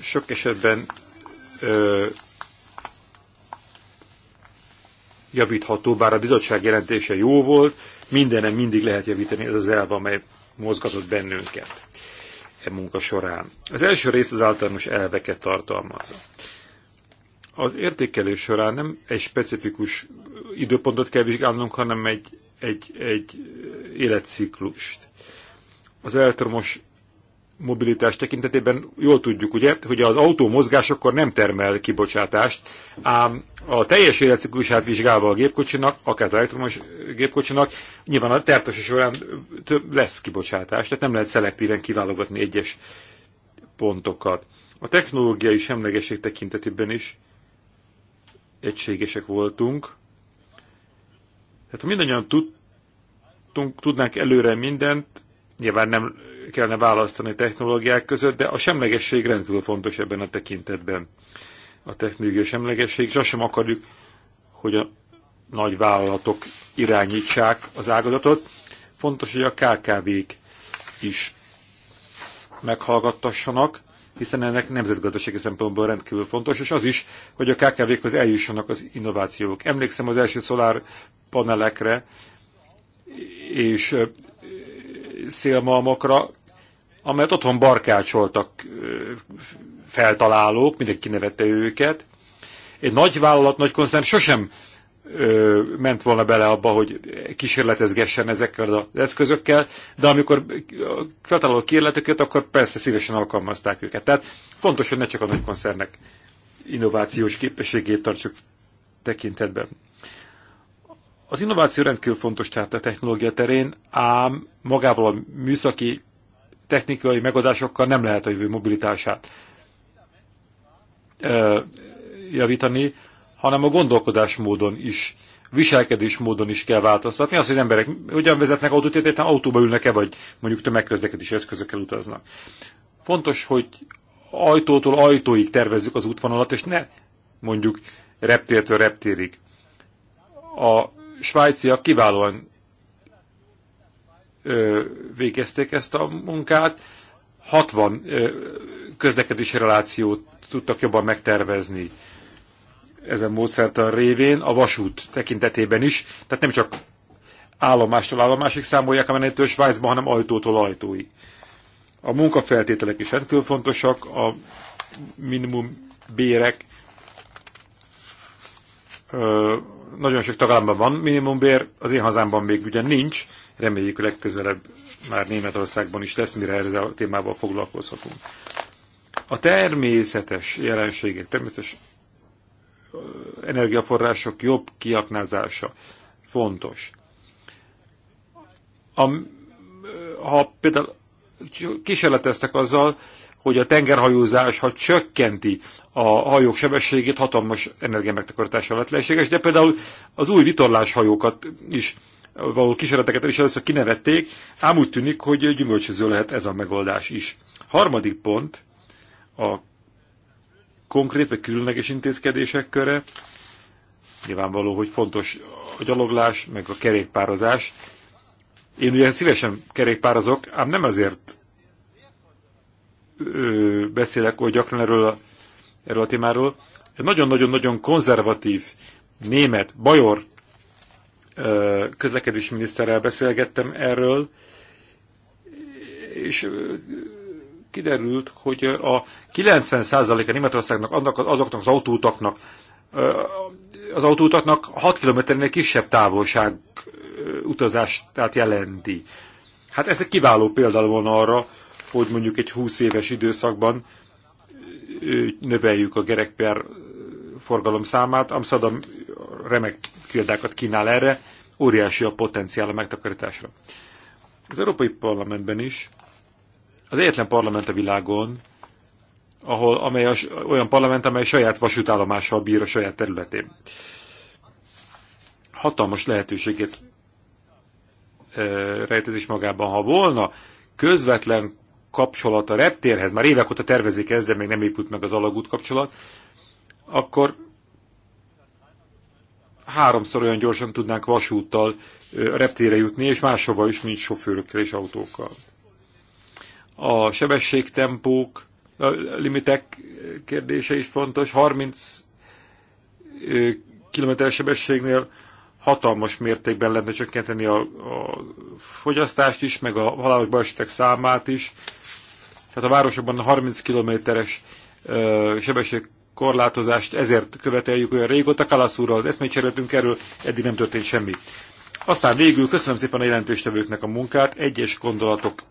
Sok esetben ö, javítható, bár a bizottság jelentése jó volt, mindenem mindig lehet javítani, ez az elv, amely mozgatott bennünket e munka során. Az első rész az általános elveket tartalmazza az értékelés során nem egy specifikus időpontot kell vizsgálnunk, hanem egy, egy, egy életciklust. Az elektromos mobilitás tekintetében jól tudjuk, ugye, hogy az autó akkor nem termel kibocsátást, ám a teljes életciklusát vizsgálva a gépkocsinak, akár az elektromos gépkocsinak, nyilván a tertesi során több lesz kibocsátás, tehát nem lehet szelektíven kiválogatni egyes pontokat. A technológiai semlegesség tekintetében is egységesek voltunk. Hát ha mindannyian tudtunk, tudnánk előre mindent, nyilván nem kellene választani technológiák között, de a semlegesség rendkívül fontos ebben a tekintetben. A technológia semlegesség, és azt sem akarjuk, hogy a nagy vállalatok irányítsák az ágazatot. Fontos, hogy a KKV-k is meghallgattassanak, hiszen ennek nemzetgazdasági szempontból rendkívül fontos, és az is, hogy a KKV-khoz eljussanak az innovációk. Emlékszem az első szolár panelekre és szélmalmokra, amelyet otthon barkácsoltak feltalálók, mindenki nevette őket. Egy nagy vállalat, nagy koncern sosem ö, ment volna bele abba, hogy kísérletezgessen ezekkel az eszközökkel, de amikor feltaláló kísérleteket, akkor persze szívesen alkalmazták őket. Tehát fontos, hogy ne csak a nagy koncernek innovációs képességét tartsuk tekintetben. Az innováció rendkívül fontos tehát a technológia terén, ám magával a műszaki technikai megoldásokkal nem lehet a jövő mobilitását javítani hanem a gondolkodásmódon is, viselkedésmódon is kell változtatni. Az, hogy emberek hogyan vezetnek autót, tehát autóba ülnek-e, vagy mondjuk tömegközlekedési eszközökkel utaznak. Fontos, hogy ajtótól ajtóig tervezzük az útvonalat, és ne mondjuk reptértől reptérig. A svájciak kiválóan ö, végezték ezt a munkát, 60 ö, közlekedési relációt tudtak jobban megtervezni ezen módszertan révén a vasút tekintetében is, tehát nem csak állomástól állomásig számolják a menetőt Svájcban, hanem ajtótól ajtóig. A munkafeltételek is rendkívül fontosak, a minimum bérek, ö, nagyon sok tagállamban van bér, az én hazámban még ugye nincs, reméljük legközelebb már Németországban is lesz, mire ezzel a témával foglalkozhatunk. A természetes jelenségek, természetes energiaforrások jobb kiaknázása fontos. A, ha például kísérleteztek azzal, hogy a tengerhajózás, ha csökkenti a hajók sebességét, hatalmas energiamegtakarítással lett lehetséges, de például az új vitorláshajókat is való kísérleteket is először kinevették, ám úgy tűnik, hogy gyümölcsöző lehet ez a megoldás is. Harmadik pont, a konkrét vagy különleges intézkedések köre. Nyilvánvaló, hogy fontos a gyaloglás, meg a kerékpározás. Én ugye szívesen kerékpározok, ám nem azért ö, beszélek hogy gyakran erről a, erről a témáról. Egy Nagyon-nagyon-nagyon konzervatív német, bajor ö, miniszterrel beszélgettem erről, és kiderült, hogy a 90%-a Németországnak annak, azoknak az autótaknak, az autótaknak 6 kilométernél kisebb távolság utazást jelenti. Hát ez egy kiváló példa van arra, hogy mondjuk egy 20 éves időszakban növeljük a gerekper forgalom számát. Amsterdam remek példákat kínál erre, óriási a potenciál a megtakarításra. Az Európai Parlamentben is az egyetlen parlament a világon, ahol, amely a, olyan parlament, amely saját vasútállomással bír a saját területén. Hatalmas lehetőséget e, is magában. Ha volna közvetlen kapcsolat a reptérhez, már évek óta tervezik ezt, de még nem épült meg az alagút kapcsolat, akkor háromszor olyan gyorsan tudnánk vasúttal e, reptére jutni, és máshova is, mint sofőrökkel és autókkal a sebességtempók, a limitek kérdése is fontos. 30 kilométeres sebességnél hatalmas mértékben lehetne csökkenteni a, a fogyasztást is, meg a halálos balesetek számát is. Tehát a városokban a 30 kilométeres sebességkorlátozást ezért követeljük olyan régóta. Kalaszúra az eszmét cseréltünk erről, eddig nem történt semmi. Aztán végül köszönöm szépen a jelentéstevőknek a munkát, egyes gondolatok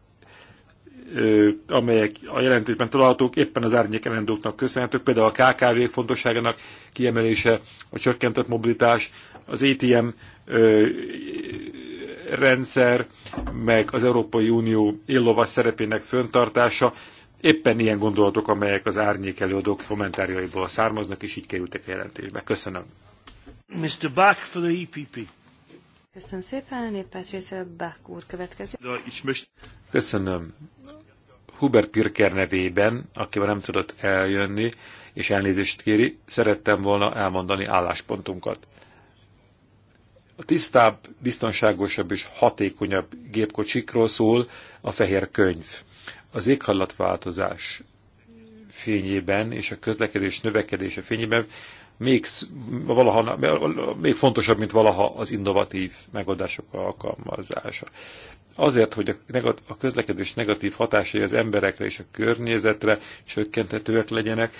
amelyek a jelentésben találhatók, éppen az árnyék elendőknek köszönhetők, például a KKV fontosságának kiemelése, a csökkentett mobilitás, az ATM rendszer, meg az Európai Unió illovas szerepének föntartása, éppen ilyen gondolatok, amelyek az árnyék előadók kommentárjaiból származnak, és így kerültek a jelentésbe. Köszönöm. Mr. Bach for the EPP. Köszönöm szépen, a néppárt Bach úr következik. Köszönöm. Hubert Pirker nevében, akivel nem tudott eljönni, és elnézést kéri, szerettem volna elmondani álláspontunkat. A tisztább, biztonságosabb és hatékonyabb gépkocsikról szól a fehér könyv. Az éghajlatváltozás fényében és a közlekedés növekedése fényében még, valaha, még fontosabb, mint valaha az innovatív megoldások alkalmazása azért, hogy a, közlekedés negatív hatásai az emberekre és a környezetre csökkentetőek legyenek,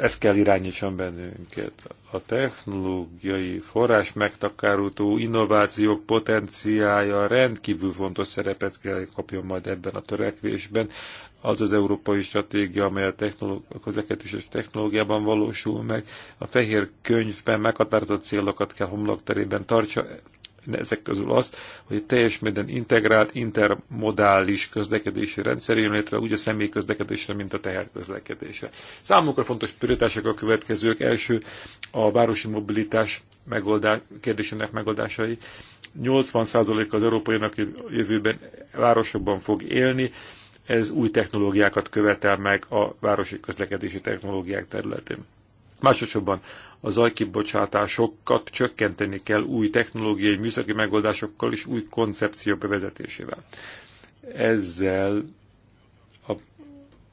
ez kell irányítson bennünket. A technológiai forrás megtakarító innovációk potenciája rendkívül fontos szerepet kell kapjon majd ebben a törekvésben. Az az európai stratégia, amely a, a és technológiában valósul meg, a fehér könyvben meghatározott célokat kell homlokterében tartsa ezek közül azt, hogy teljes minden integrált, intermodális közlekedési rendszer jön létre, úgy a személy közlekedésre, mint a teher közlekedésre. Számunkra fontos prioritások a következők. Első a városi mobilitás megoldás, kérdésének megoldásai. 80% az európainak jövőben városokban fog élni, ez új technológiákat követel meg a városi közlekedési technológiák területén. Másodszorban a zajkibocsátásokat csökkenteni kell új technológiai műszaki megoldásokkal és új koncepció bevezetésével. Ezzel a,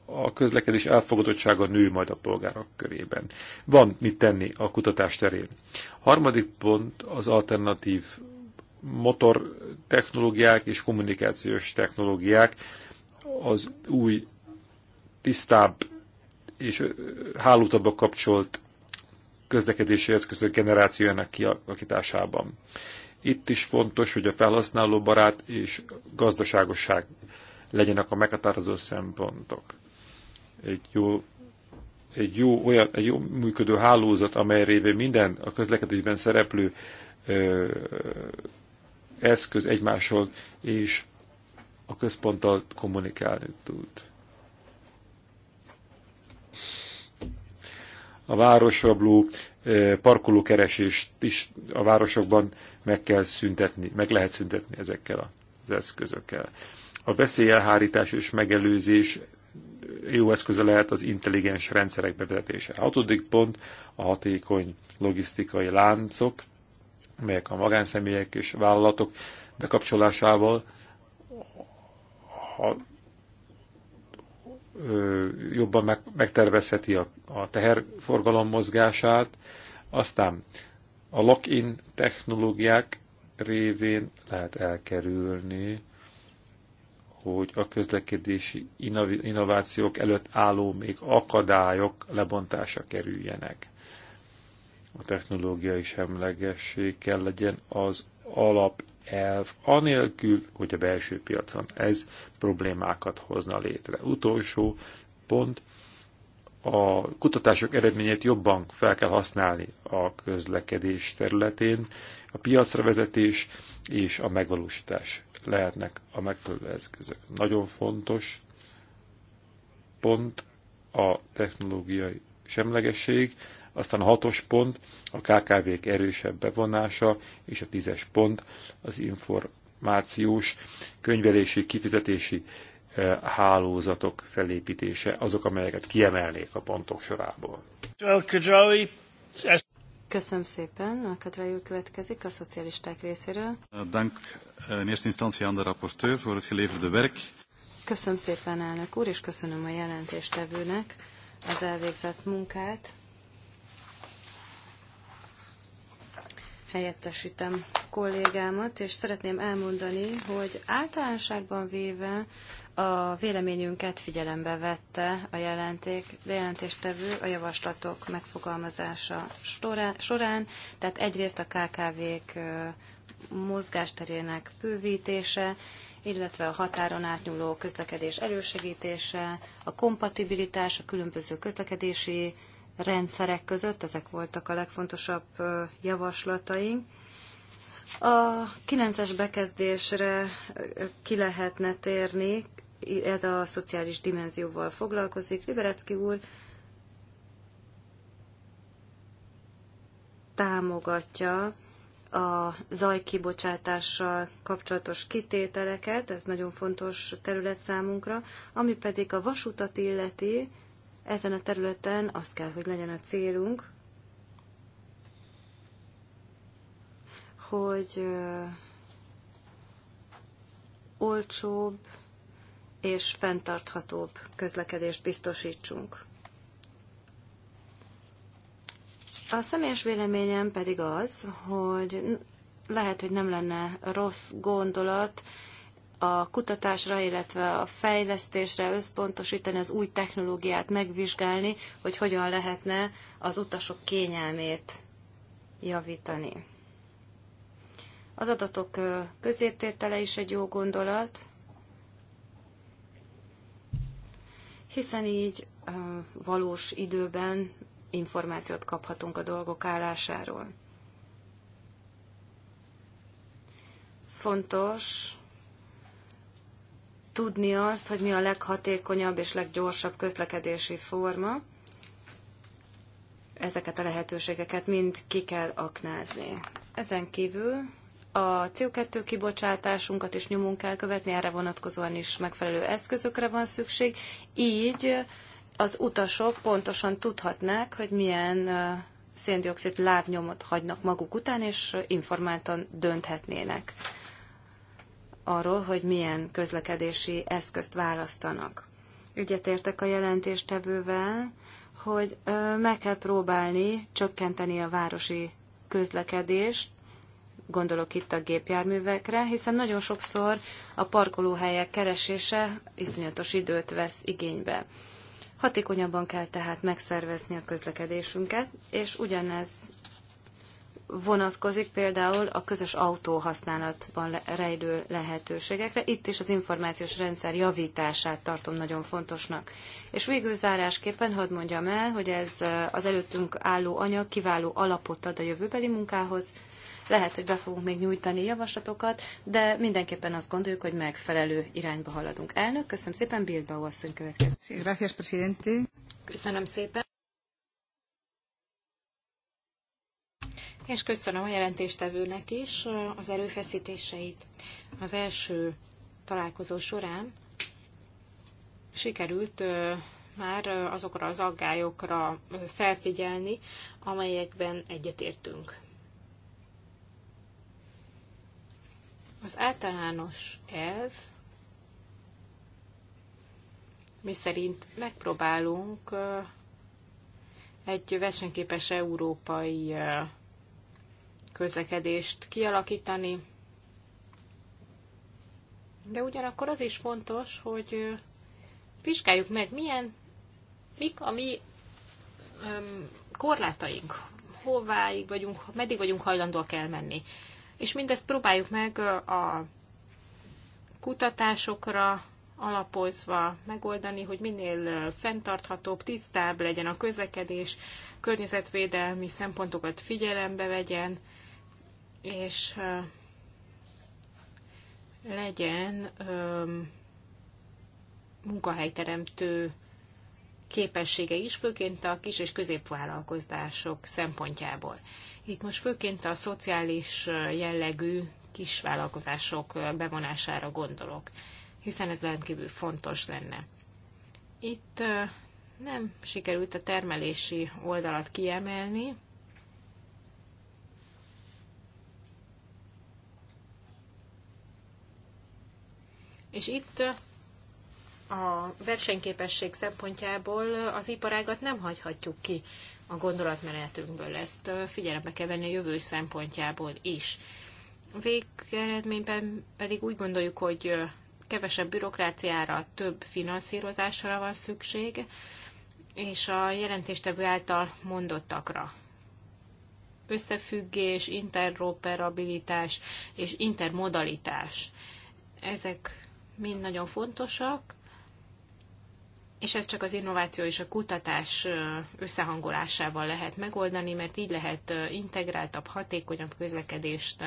a közlekedés elfogadottsága nő majd a polgárok körében. Van mit tenni a kutatás terén. Harmadik pont az alternatív motor technológiák és kommunikációs technológiák az új, tisztább és hálózatba kapcsolt közlekedési eszközök generációjának kialakításában. Itt is fontos, hogy a felhasználó barát és gazdaságosság legyenek a meghatározó szempontok. Egy jó, egy jó, olyan, egy jó működő hálózat, amely révén minden a közlekedésben szereplő ö, eszköz egymással és a központtal kommunikálni tud. a városrabló e, parkolókeresést is a városokban meg kell szüntetni, meg lehet szüntetni ezekkel az eszközökkel. A veszélyelhárítás és megelőzés jó eszköze lehet az intelligens rendszerek bevezetése. Hatodik pont a hatékony logisztikai láncok, melyek a magánszemélyek és vállalatok bekapcsolásával ha jobban meg, megtervezheti a, a teherforgalom mozgását, aztán a lock-in technológiák révén lehet elkerülni, hogy a közlekedési innovációk előtt álló még akadályok lebontása kerüljenek. A technológiai semlegesség kell legyen az alap elv, anélkül, hogy a belső piacon ez problémákat hozna létre. Utolsó pont, a kutatások eredményét jobban fel kell használni a közlekedés területén. A piacra vezetés és a megvalósítás lehetnek a megfelelő eszközök. Nagyon fontos pont a technológiai semlegesség, aztán a hatos pont a KKV-k erősebb bevonása, és a tízes pont az információs könyvelési, kifizetési e, hálózatok felépítése, azok, amelyeket kiemelnék a pontok sorából. Köszönöm szépen. A Kadrai úr következik a szocialisták részéről. Dank eh, in eerste instantie aan de rapporteur voor het geleverde werk. Köszönöm szépen, elnök úr, és köszönöm a jelentéstevőnek az elvégzett munkát. helyettesítem kollégámat, és szeretném elmondani, hogy általánosságban véve a véleményünket figyelembe vette a jelenték, jelentéstevő a javaslatok megfogalmazása során, tehát egyrészt a KKV-k mozgásterének bővítése, illetve a határon átnyúló közlekedés elősegítése, a kompatibilitás a különböző közlekedési rendszerek között, ezek voltak a legfontosabb javaslataink. A 9-es bekezdésre ki lehetne térni, ez a szociális dimenzióval foglalkozik. Liberecki úr támogatja a zajkibocsátással kapcsolatos kitételeket, ez nagyon fontos terület számunkra, ami pedig a vasutat illeti, ezen a területen az kell, hogy legyen a célunk, hogy olcsóbb és fenntarthatóbb közlekedést biztosítsunk. A személyes véleményem pedig az, hogy lehet, hogy nem lenne rossz gondolat a kutatásra, illetve a fejlesztésre összpontosítani, az új technológiát megvizsgálni, hogy hogyan lehetne az utasok kényelmét javítani. Az adatok közértétele is egy jó gondolat, hiszen így valós időben információt kaphatunk a dolgok állásáról. Fontos, tudni azt, hogy mi a leghatékonyabb és leggyorsabb közlekedési forma. Ezeket a lehetőségeket mind ki kell aknázni. Ezen kívül a CO2 kibocsátásunkat is nyomon kell követni, erre vonatkozóan is megfelelő eszközökre van szükség, így az utasok pontosan tudhatnák, hogy milyen széndiokszid lábnyomot hagynak maguk után, és informáltan dönthetnének arról, hogy milyen közlekedési eszközt választanak. Ügyetértek a jelentéstevővel, hogy meg kell próbálni csökkenteni a városi közlekedést, gondolok itt a gépjárművekre, hiszen nagyon sokszor a parkolóhelyek keresése iszonyatos időt vesz igénybe. Hatékonyabban kell tehát megszervezni a közlekedésünket, és ugyanez vonatkozik például a közös autóhasználatban rejlő lehetőségekre. Itt is az információs rendszer javítását tartom nagyon fontosnak. És végül zárásképpen hadd mondjam el, hogy ez az előttünk álló anyag kiváló alapot ad a jövőbeli munkához. Lehet, hogy be fogunk még nyújtani javaslatokat, de mindenképpen azt gondoljuk, hogy megfelelő irányba haladunk. Elnök, köszönöm szépen, Bilbao asszony következik. Köszönöm szépen. és köszönöm a jelentéstevőnek is az erőfeszítéseit. Az első találkozó során sikerült már azokra az aggályokra felfigyelni, amelyekben egyetértünk. Az általános elv, mi szerint megpróbálunk egy versenyképes európai közlekedést kialakítani. De ugyanakkor az is fontos, hogy vizsgáljuk meg, milyen, mik a mi öm, korlátaink, hováig vagyunk, meddig vagyunk hajlandóak elmenni. És mindezt próbáljuk meg a kutatásokra alapozva megoldani, hogy minél fenntarthatóbb, tisztább legyen a közlekedés, környezetvédelmi szempontokat figyelembe vegyen, és legyen munkahelyteremtő képessége is, főként a kis- és középvállalkozások szempontjából. Itt most főként a szociális jellegű kisvállalkozások bevonására gondolok, hiszen ez rendkívül fontos lenne. Itt nem sikerült a termelési oldalat kiemelni, És itt a versenyképesség szempontjából az iparágat nem hagyhatjuk ki a gondolatmenetünkből. Ezt figyelembe kell venni a jövő szempontjából is. Végeredményben pedig úgy gondoljuk, hogy kevesebb bürokráciára, több finanszírozásra van szükség, és a jelentéstevő által mondottakra. Összefüggés, interoperabilitás és intermodalitás. Ezek mind nagyon fontosak, és ez csak az innováció és a kutatás összehangolásával lehet megoldani, mert így lehet integráltabb, hatékonyabb közlekedést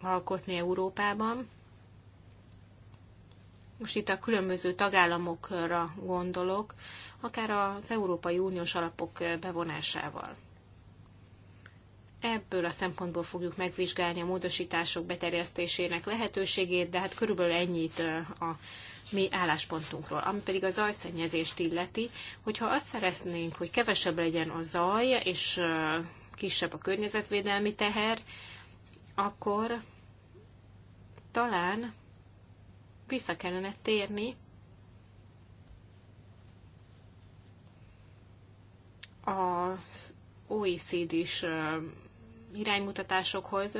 alkotni Európában. Most itt a különböző tagállamokra gondolok, akár az Európai Uniós alapok bevonásával ebből a szempontból fogjuk megvizsgálni a módosítások beterjesztésének lehetőségét, de hát körülbelül ennyit a mi álláspontunkról. Ami pedig a zajszennyezést illeti, hogyha azt szeretnénk, hogy kevesebb legyen a zaj, és kisebb a környezetvédelmi teher, akkor talán vissza kellene térni az OECD-s iránymutatásokhoz,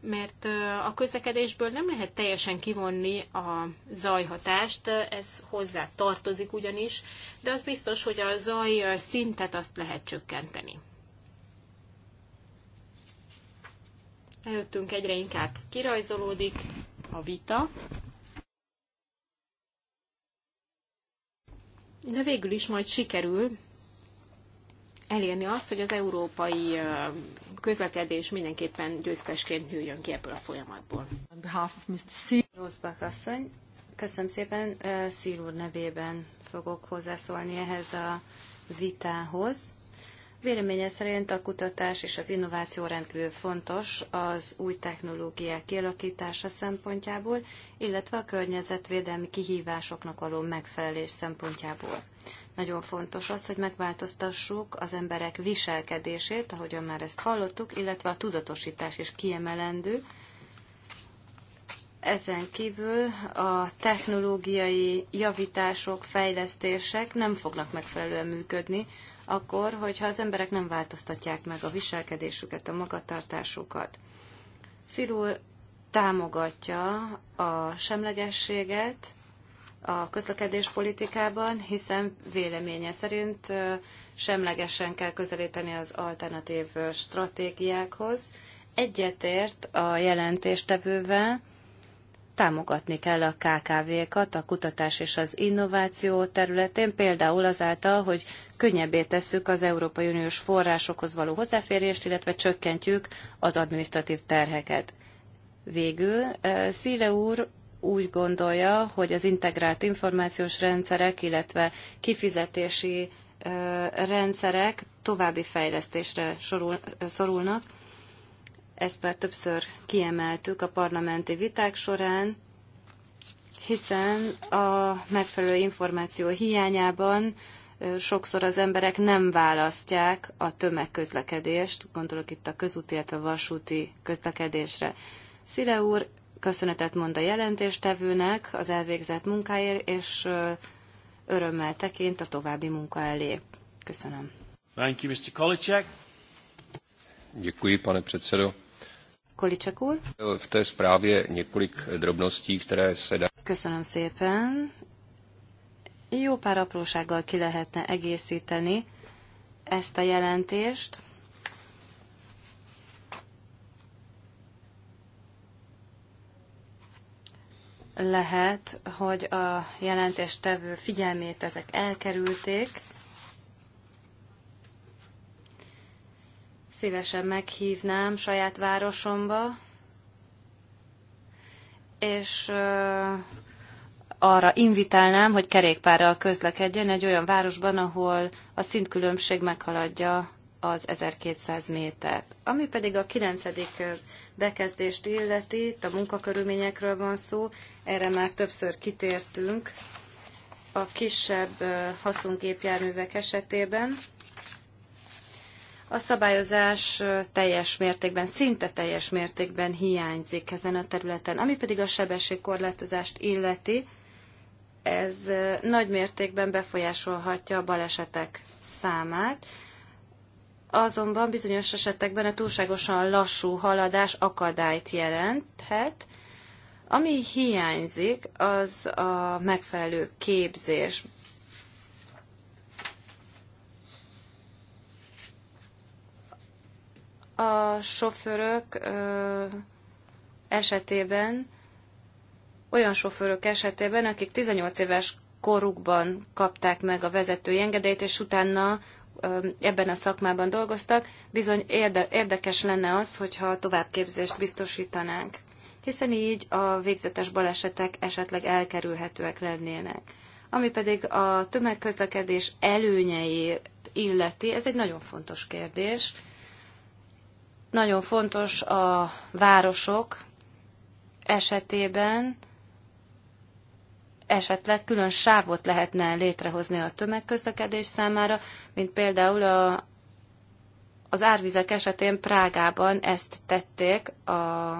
mert a közlekedésből nem lehet teljesen kivonni a zajhatást, ez hozzá tartozik ugyanis, de az biztos, hogy a zaj szintet azt lehet csökkenteni. Előttünk egyre inkább kirajzolódik a vita, de végül is majd sikerül elérni azt, hogy az európai közlekedés mindenképpen győztesként nyűljön ki ebből a folyamatból. On behalf of Mr. C. Rosbach asszony, köszönöm szépen. Szír úr nevében fogok hozzászólni ehhez a vitához. Véleménye szerint a kutatás és az innováció rendkívül fontos az új technológiák kialakítása szempontjából, illetve a környezetvédelmi kihívásoknak való megfelelés szempontjából. Nagyon fontos az, hogy megváltoztassuk az emberek viselkedését, ahogyan már ezt hallottuk, illetve a tudatosítás is kiemelendő. Ezen kívül a technológiai javítások, fejlesztések nem fognak megfelelően működni, akkor, hogyha az emberek nem változtatják meg a viselkedésüket, a magatartásukat. Szirul támogatja a semlegességet, a politikában, hiszen véleménye szerint semlegesen kell közelíteni az alternatív stratégiákhoz. Egyetért a jelentéstevővel, támogatni kell a KKV-kat a kutatás és az innováció területén, például azáltal, hogy könnyebbé tesszük az Európai Uniós forrásokhoz való hozzáférést, illetve csökkentjük az administratív terheket. Végül Szíle úr úgy gondolja, hogy az integrált információs rendszerek, illetve kifizetési rendszerek további fejlesztésre sorul, szorulnak. Ezt már többször kiemeltük a parlamenti viták során, hiszen a megfelelő információ hiányában sokszor az emberek nem választják a tömegközlekedést, gondolok itt a közúti, illetve vasúti közlekedésre. Szile úr köszönetet mond a jelentéstevőnek az elvégzett munkáért, és örömmel tekint a további munka elé. Köszönöm. Thank you, Mr. Kolicek. Děkuji, pane předsedo. Kolicek úr. V té zprávě několik drobností, které se dá... Köszönöm szépen. Jó pár aprósággal ki lehetne egészíteni ezt a jelentést. lehet, hogy a jelentéstevő figyelmét ezek elkerülték. Szívesen meghívnám saját városomba, és arra invitálnám, hogy kerékpárral közlekedjen egy olyan városban, ahol a szintkülönbség meghaladja az 1200 métert. Ami pedig a 9. bekezdést illeti, itt a munkakörülményekről van szó, erre már többször kitértünk a kisebb haszongépjárművek esetében. A szabályozás teljes mértékben, szinte teljes mértékben hiányzik ezen a területen. Ami pedig a sebességkorlátozást illeti, ez nagy mértékben befolyásolhatja a balesetek számát azonban bizonyos esetekben a túlságosan lassú haladás akadályt jelenthet. Ami hiányzik, az a megfelelő képzés. A sofőrök esetében, olyan sofőrök esetében, akik 18 éves korukban kapták meg a vezetői engedélyt, és utána ebben a szakmában dolgoztak, bizony érdekes lenne az, hogyha továbbképzést biztosítanánk, hiszen így a végzetes balesetek esetleg elkerülhetőek lennének. Ami pedig a tömegközlekedés előnyeit illeti, ez egy nagyon fontos kérdés. Nagyon fontos a városok esetében, esetleg külön sávot lehetne létrehozni a tömegközlekedés számára, mint például a, az árvizek esetén Prágában ezt tették a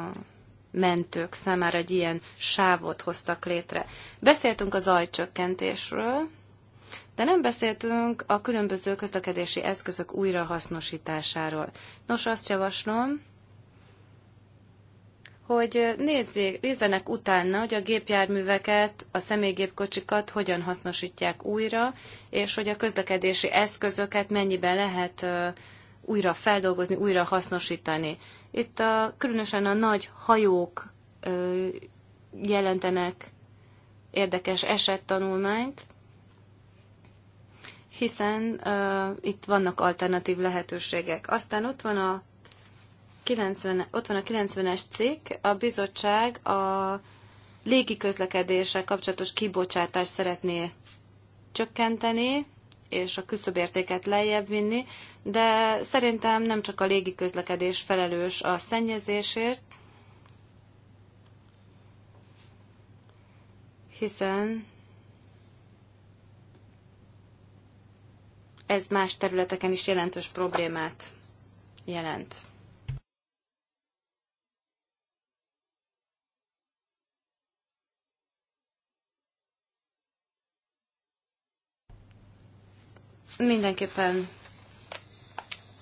mentők számára egy ilyen sávot hoztak létre. Beszéltünk a zajcsökkentésről, de nem beszéltünk a különböző közlekedési eszközök újrahasznosításáról. Nos, azt javaslom, hogy nézzék, nézzenek utána, hogy a gépjárműveket, a személygépkocsikat hogyan hasznosítják újra, és hogy a közlekedési eszközöket mennyiben lehet újra feldolgozni, újra hasznosítani. Itt a, különösen a nagy hajók jelentenek érdekes esettanulmányt, hiszen uh, itt vannak alternatív lehetőségek. Aztán ott van a 90, ott van a 90-es cikk, a bizottság a légi közlekedéssel kapcsolatos kibocsátást szeretné csökkenteni, és a küszöbértéket lejjebb vinni, de szerintem nem csak a légi közlekedés felelős a szennyezésért, hiszen ez más területeken is jelentős problémát jelent. Mindenképpen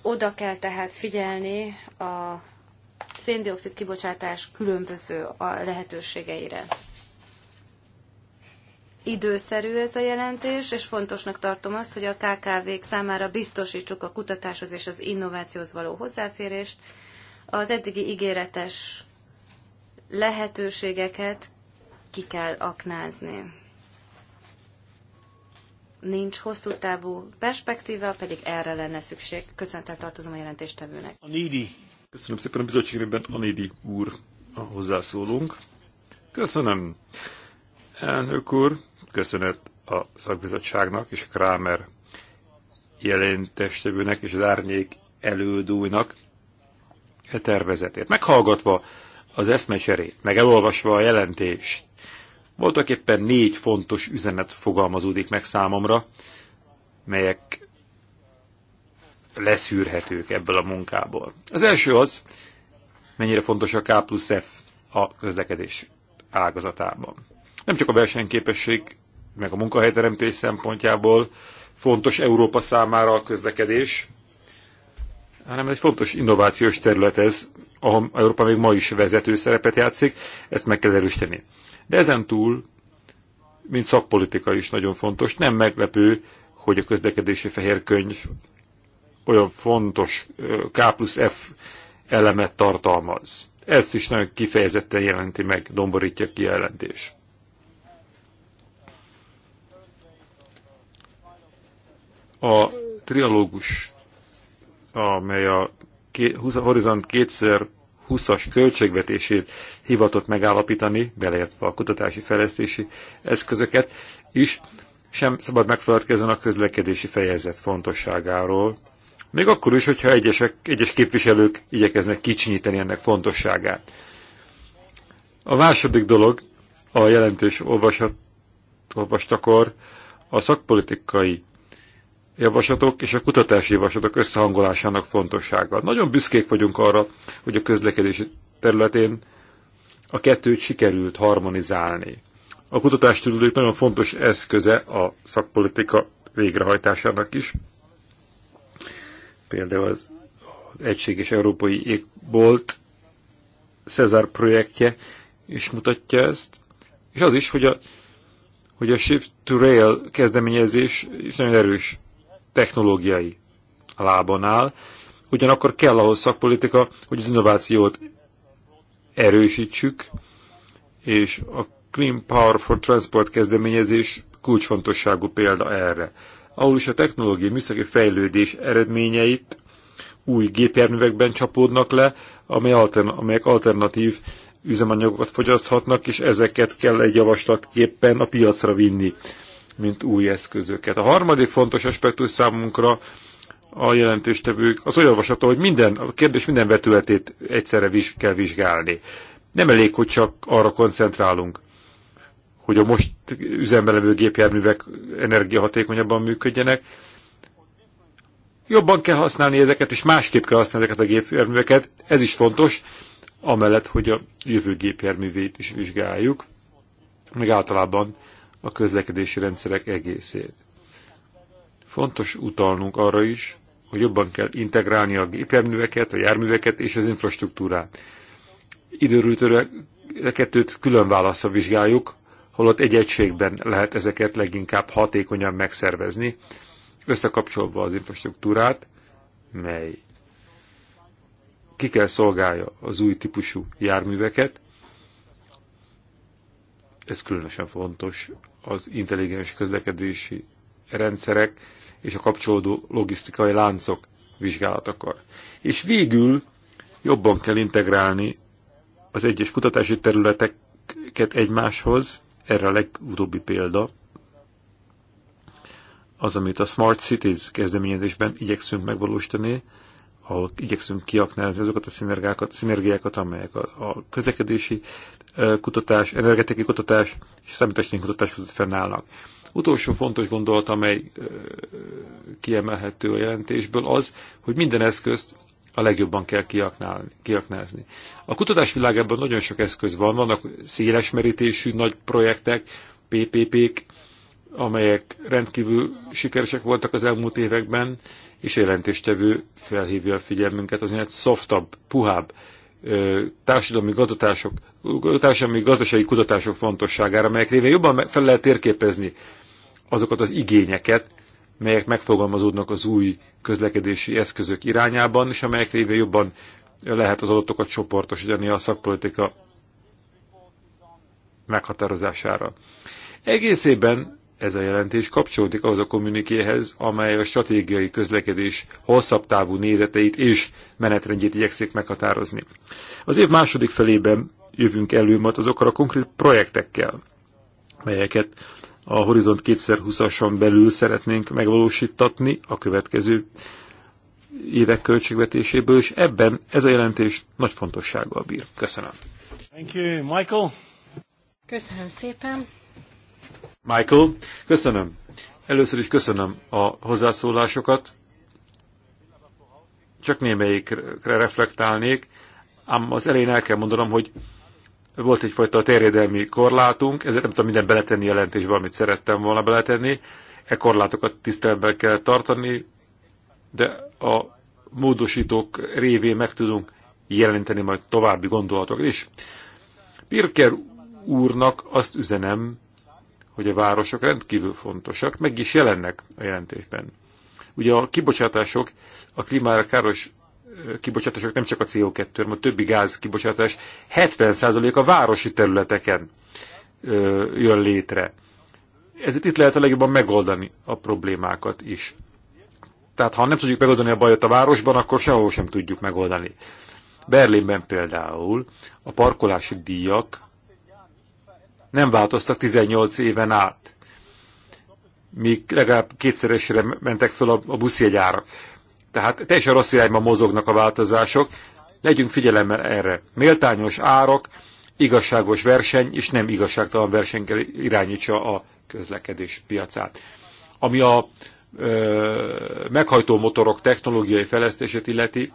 oda kell tehát figyelni a széndiokszid kibocsátás különböző a lehetőségeire. Időszerű ez a jelentés, és fontosnak tartom azt, hogy a KKV-k számára biztosítsuk a kutatáshoz és az innovációhoz való hozzáférést, az eddigi ígéretes lehetőségeket ki kell aknázni nincs hosszú távú perspektíva, pedig erre lenne szükség. Köszönettel tartozom a jelentéstevőnek. A Nidi. Köszönöm szépen a bizottságban a Nidi úr a hozzászólunk. Köszönöm. Elnök úr, köszönet a szakbizottságnak és Krámer jelentéstevőnek és az árnyék elődújnak a tervezetét. Meghallgatva az eszmecserét, meg elolvasva a jelentést, voltak éppen négy fontos üzenet fogalmazódik meg számomra, melyek leszűrhetők ebből a munkából. Az első az, mennyire fontos a K plusz F a közlekedés ágazatában. Nem csak a versenyképesség, meg a munkahelyteremtés szempontjából fontos Európa számára a közlekedés, hanem egy fontos innovációs terület ez, ahol Európa még ma is vezető szerepet játszik, ezt meg kell erősíteni. De ezen túl, mint szakpolitika is nagyon fontos, nem meglepő, hogy a közlekedési fehér könyv olyan fontos K plusz F elemet tartalmaz. Ezt is nagyon kifejezetten jelenti meg, domborítja ki a jelentés. A trialógus, amely a Horizont kétszer 2020-as költségvetését hivatott megállapítani, beleértve a kutatási fejlesztési eszközöket is, sem szabad megfeledkezzen a közlekedési fejezet fontosságáról. Még akkor is, hogyha egyesek, egyes képviselők igyekeznek kicsinyíteni ennek fontosságát. A második dolog a jelentős olvasat, olvastakor a szakpolitikai javaslatok és a kutatási javaslatok összehangolásának fontossága. Nagyon büszkék vagyunk arra, hogy a közlekedés területén a kettőt sikerült harmonizálni. A kutatástudók nagyon fontos eszköze a szakpolitika végrehajtásának is. Például az, az Egységes Európai Égbolt Cezár projektje is mutatja ezt. És az is, hogy a, hogy a Shift to Rail kezdeményezés is nagyon erős technológiai lábon áll, ugyanakkor kell ahhoz szakpolitika, hogy az innovációt erősítsük, és a Clean Power for Transport kezdeményezés kulcsfontosságú példa erre, ahol is a technológiai műszaki fejlődés eredményeit új gépjárművekben csapódnak le, amely altern- amelyek alternatív üzemanyagokat fogyaszthatnak, és ezeket kell egy javaslatképpen a piacra vinni mint új eszközöket. A harmadik fontos aspektus számunkra a jelentéstevők az olyan javaslata, hogy minden, a kérdés minden vetületét egyszerre vis, kell vizsgálni. Nem elég, hogy csak arra koncentrálunk, hogy a most üzembe levő gépjárművek energiahatékonyabban működjenek. Jobban kell használni ezeket, és másképp kell használni ezeket a gépjárműveket. Ez is fontos, amellett, hogy a jövő gépjárművét is vizsgáljuk, meg általában a közlekedési rendszerek egészét. Fontos utalnunk arra is, hogy jobban kell integrálni a gépjárműveket, a járműveket és az infrastruktúrát. Időről a kettőt külön válaszra vizsgáljuk, holott egy egységben lehet ezeket leginkább hatékonyan megszervezni, összekapcsolva az infrastruktúrát, mely ki kell szolgálja az új típusú járműveket. Ez különösen fontos az intelligens közlekedési rendszerek és a kapcsolódó logisztikai láncok vizsgálatakor. És végül jobban kell integrálni az egyes kutatási területeket egymáshoz, erre a legutóbbi példa, az, amit a Smart Cities kezdeményezésben igyekszünk megvalósítani, ahol igyekszünk kiaknázni azokat a szinergiákat, szinergiákat amelyek a, a közlekedési kutatás, energetikai kutatás és számítástechnikai kutatás között fennállnak. Utolsó fontos gondolat, amely kiemelhető a jelentésből, az, hogy minden eszközt a legjobban kell kiaknázni. A kutatás világában nagyon sok eszköz van, vannak széles merítésű nagy projektek, PPP-k, amelyek rendkívül sikeresek voltak az elmúlt években, és jelentéstevő felhívja a figyelmünket az ilyen szoftabb, puhább társadalmi gazdatások társadalmi gazdasági kutatások fontosságára, melyek révén jobban fel lehet térképezni azokat az igényeket, melyek megfogalmazódnak az új közlekedési eszközök irányában, és amelyek révén jobban lehet az adatokat csoportosítani a szakpolitika meghatározására. Egészében ez a jelentés kapcsolódik az a kommunikéhez, amely a stratégiai közlekedés hosszabb távú nézeteit és menetrendjét igyekszik meghatározni. Az év második felében jövünk elő majd azokkal a konkrét projektekkel, melyeket a Horizont 2020-ason belül szeretnénk megvalósítatni a következő évek költségvetéséből, és ebben ez a jelentés nagy fontossággal bír. Köszönöm. Thank you, Michael. Köszönöm szépen. Michael, köszönöm. Először is köszönöm a hozzászólásokat. Csak némelyikre reflektálnék, ám az elején el kell mondanom, hogy volt egyfajta terjedelmi korlátunk, ezért nem tudom minden beletenni jelentésbe, amit szerettem volna beletenni. E korlátokat tiszteletben kell tartani, de a módosítók révén meg tudunk jelenteni majd további gondolatok is. Pirker úrnak azt üzenem, hogy a városok rendkívül fontosak, meg is jelennek a jelentésben. Ugye a kibocsátások a klímára káros kibocsátások nem csak a CO2, hanem a többi gáz kibocsátás 70% a városi területeken jön létre. Ezért itt lehet a legjobban megoldani a problémákat is. Tehát ha nem tudjuk megoldani a bajot a városban, akkor sehol sem tudjuk megoldani. Berlinben például a parkolási díjak nem változtak 18 éven át, míg legalább kétszeresre mentek föl a, a buszjegyárak tehát teljesen rossz irányba mozognak a változások. Legyünk figyelemmel erre. Méltányos árak, igazságos verseny és nem igazságtalan verseny kell irányítsa a közlekedés piacát. Ami a ö, meghajtó motorok technológiai fejlesztését illeti,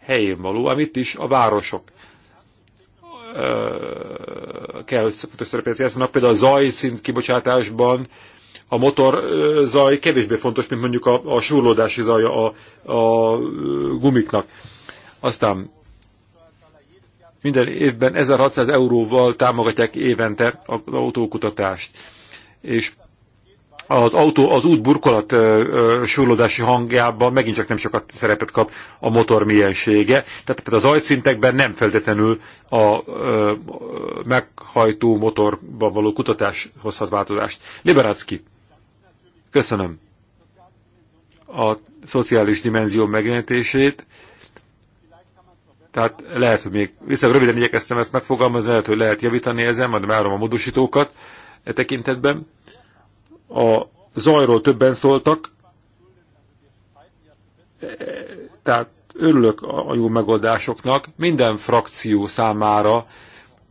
helyén való, amit is a városok ö, kell, hogy szerepelni. Ez nap például a zajszint kibocsátásban a motor zaj kevésbé fontos, mint mondjuk a, a súrlódási zaj a, a gumiknak. Aztán minden évben 1600 euróval támogatják évente az autókutatást. És az autó az út burkolat súrlódási hangjában megint csak nem sokat szerepet kap a motor miensége. Tehát például az ajszintekben nem feltétlenül a ö, meghajtó motorban való kutatás hozhat változást. Liberácki Köszönöm a szociális dimenzió megjelentését. Tehát lehet, hogy még viszont röviden igyekeztem ezt megfogalmazni, lehet, hogy lehet javítani ezen, majd várom a módosítókat e tekintetben. A zajról többen szóltak, tehát örülök a jó megoldásoknak. Minden frakció számára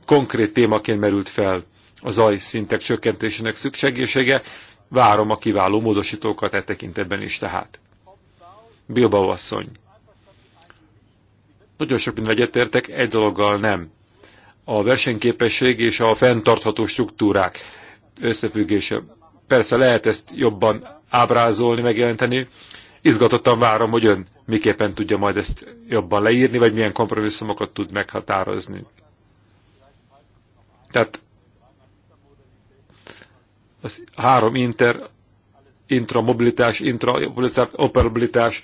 konkrét témaként merült fel a zajszintek csökkentésének szükségessége várom a kiváló módosítókat e tekintetben is tehát. Bilbao asszony. Nagyon sok minden egyetértek, egy dologgal nem. A versenyképesség és a fenntartható struktúrák összefüggése. Persze lehet ezt jobban ábrázolni, megjelenteni. Izgatottan várom, hogy ön miképpen tudja majd ezt jobban leírni, vagy milyen kompromisszumokat tud meghatározni. Tehát az három inter, intramobilitás, interoperabilitás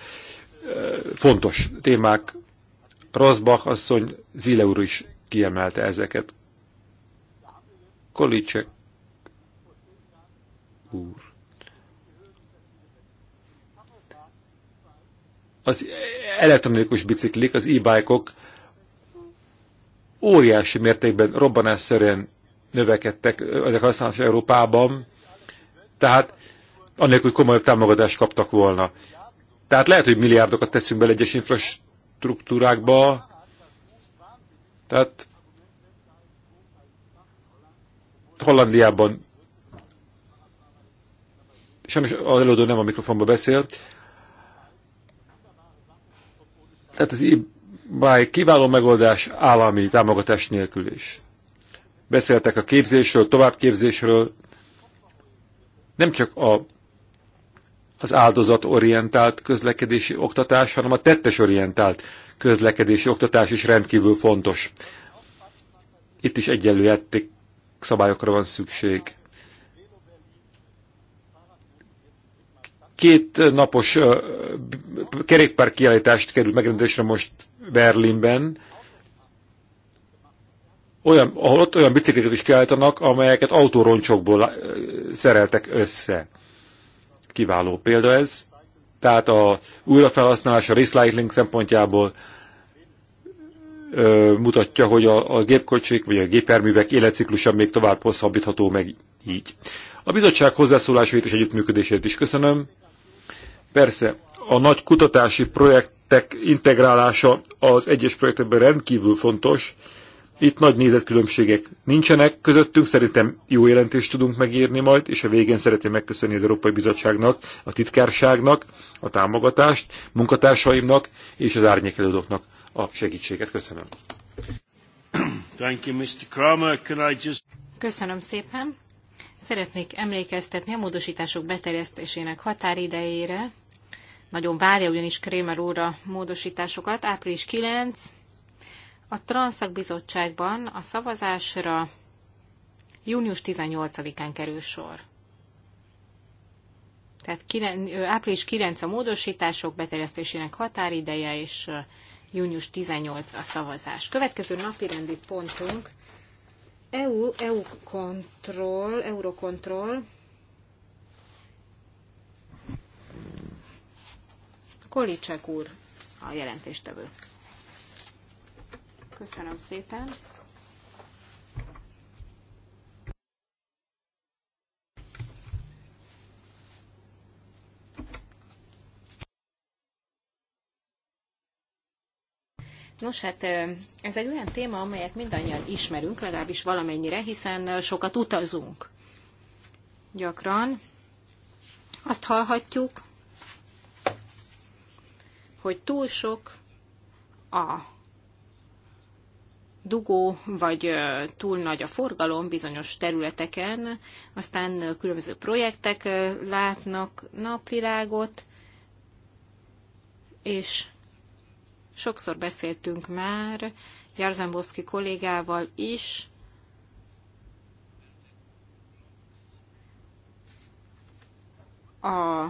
eh, fontos témák. Rosbach asszony, Zile úr is kiemelte ezeket. Kolicek úr. Az elektronikus biciklik, az e-bike-ok -ok óriási mértékben robbanásszerűen növekedtek ezek használatos Európában, tehát annélkül, hogy komolyabb támogatást kaptak volna. Tehát lehet, hogy milliárdokat teszünk bele egyes infrastruktúrákba, tehát Hollandiában sajnos az előadó nem a mikrofonba beszél. Tehát az e kiváló megoldás állami támogatás nélkül is. Beszéltek a képzésről, továbbképzésről, nem csak a, az áldozatorientált közlekedési oktatás, hanem a tettesorientált közlekedési oktatás is rendkívül fontos. Itt is egyenlő játék szabályokra van szükség. Két napos uh, kerékpár kiállítást került megrendezésre most Berlinben, olyan, ahol ott olyan bicikliket is kiállítanak, amelyeket autóroncsokból eh, szereltek össze. Kiváló példa ez. Tehát a újrafelhasználás a recycling szempontjából ö, mutatja, hogy a, a gépkocsik vagy a gépjárművek életciklusa még tovább hosszabbítható meg így. A bizottság hozzászólásait és együttműködését is köszönöm. Persze, a nagy kutatási projektek integrálása az egyes projektekben rendkívül fontos, itt nagy nézetkülönbségek nincsenek közöttünk, szerintem jó jelentést tudunk megírni majd, és a végén szeretném megköszönni az Európai Bizottságnak, a titkárságnak, a támogatást, munkatársaimnak és az árnyékelődőknek a segítséget. Köszönöm. Thank you, Mr. Kramer. Can I just... Köszönöm szépen. Szeretnék emlékeztetni a módosítások beterjesztésének határidejére. Nagyon várja ugyanis Krémer úr a módosításokat. Április 9, a Transzakbizottságban a szavazásra június 18-án kerül sor. Tehát 9, április 9 a módosítások beterjesztésének határideje, és június 18 a szavazás. Következő napi rendi pontunk EU, EU kontroll, Eurocontrol, Kolicsek úr a jelentéstevő. Köszönöm szépen. Nos, hát ez egy olyan téma, amelyet mindannyian ismerünk, legalábbis valamennyire, hiszen sokat utazunk. Gyakran azt hallhatjuk, hogy túl sok a dugó, vagy túl nagy a forgalom bizonyos területeken, aztán különböző projektek látnak napvilágot, és sokszor beszéltünk már Jarzembowski kollégával is, a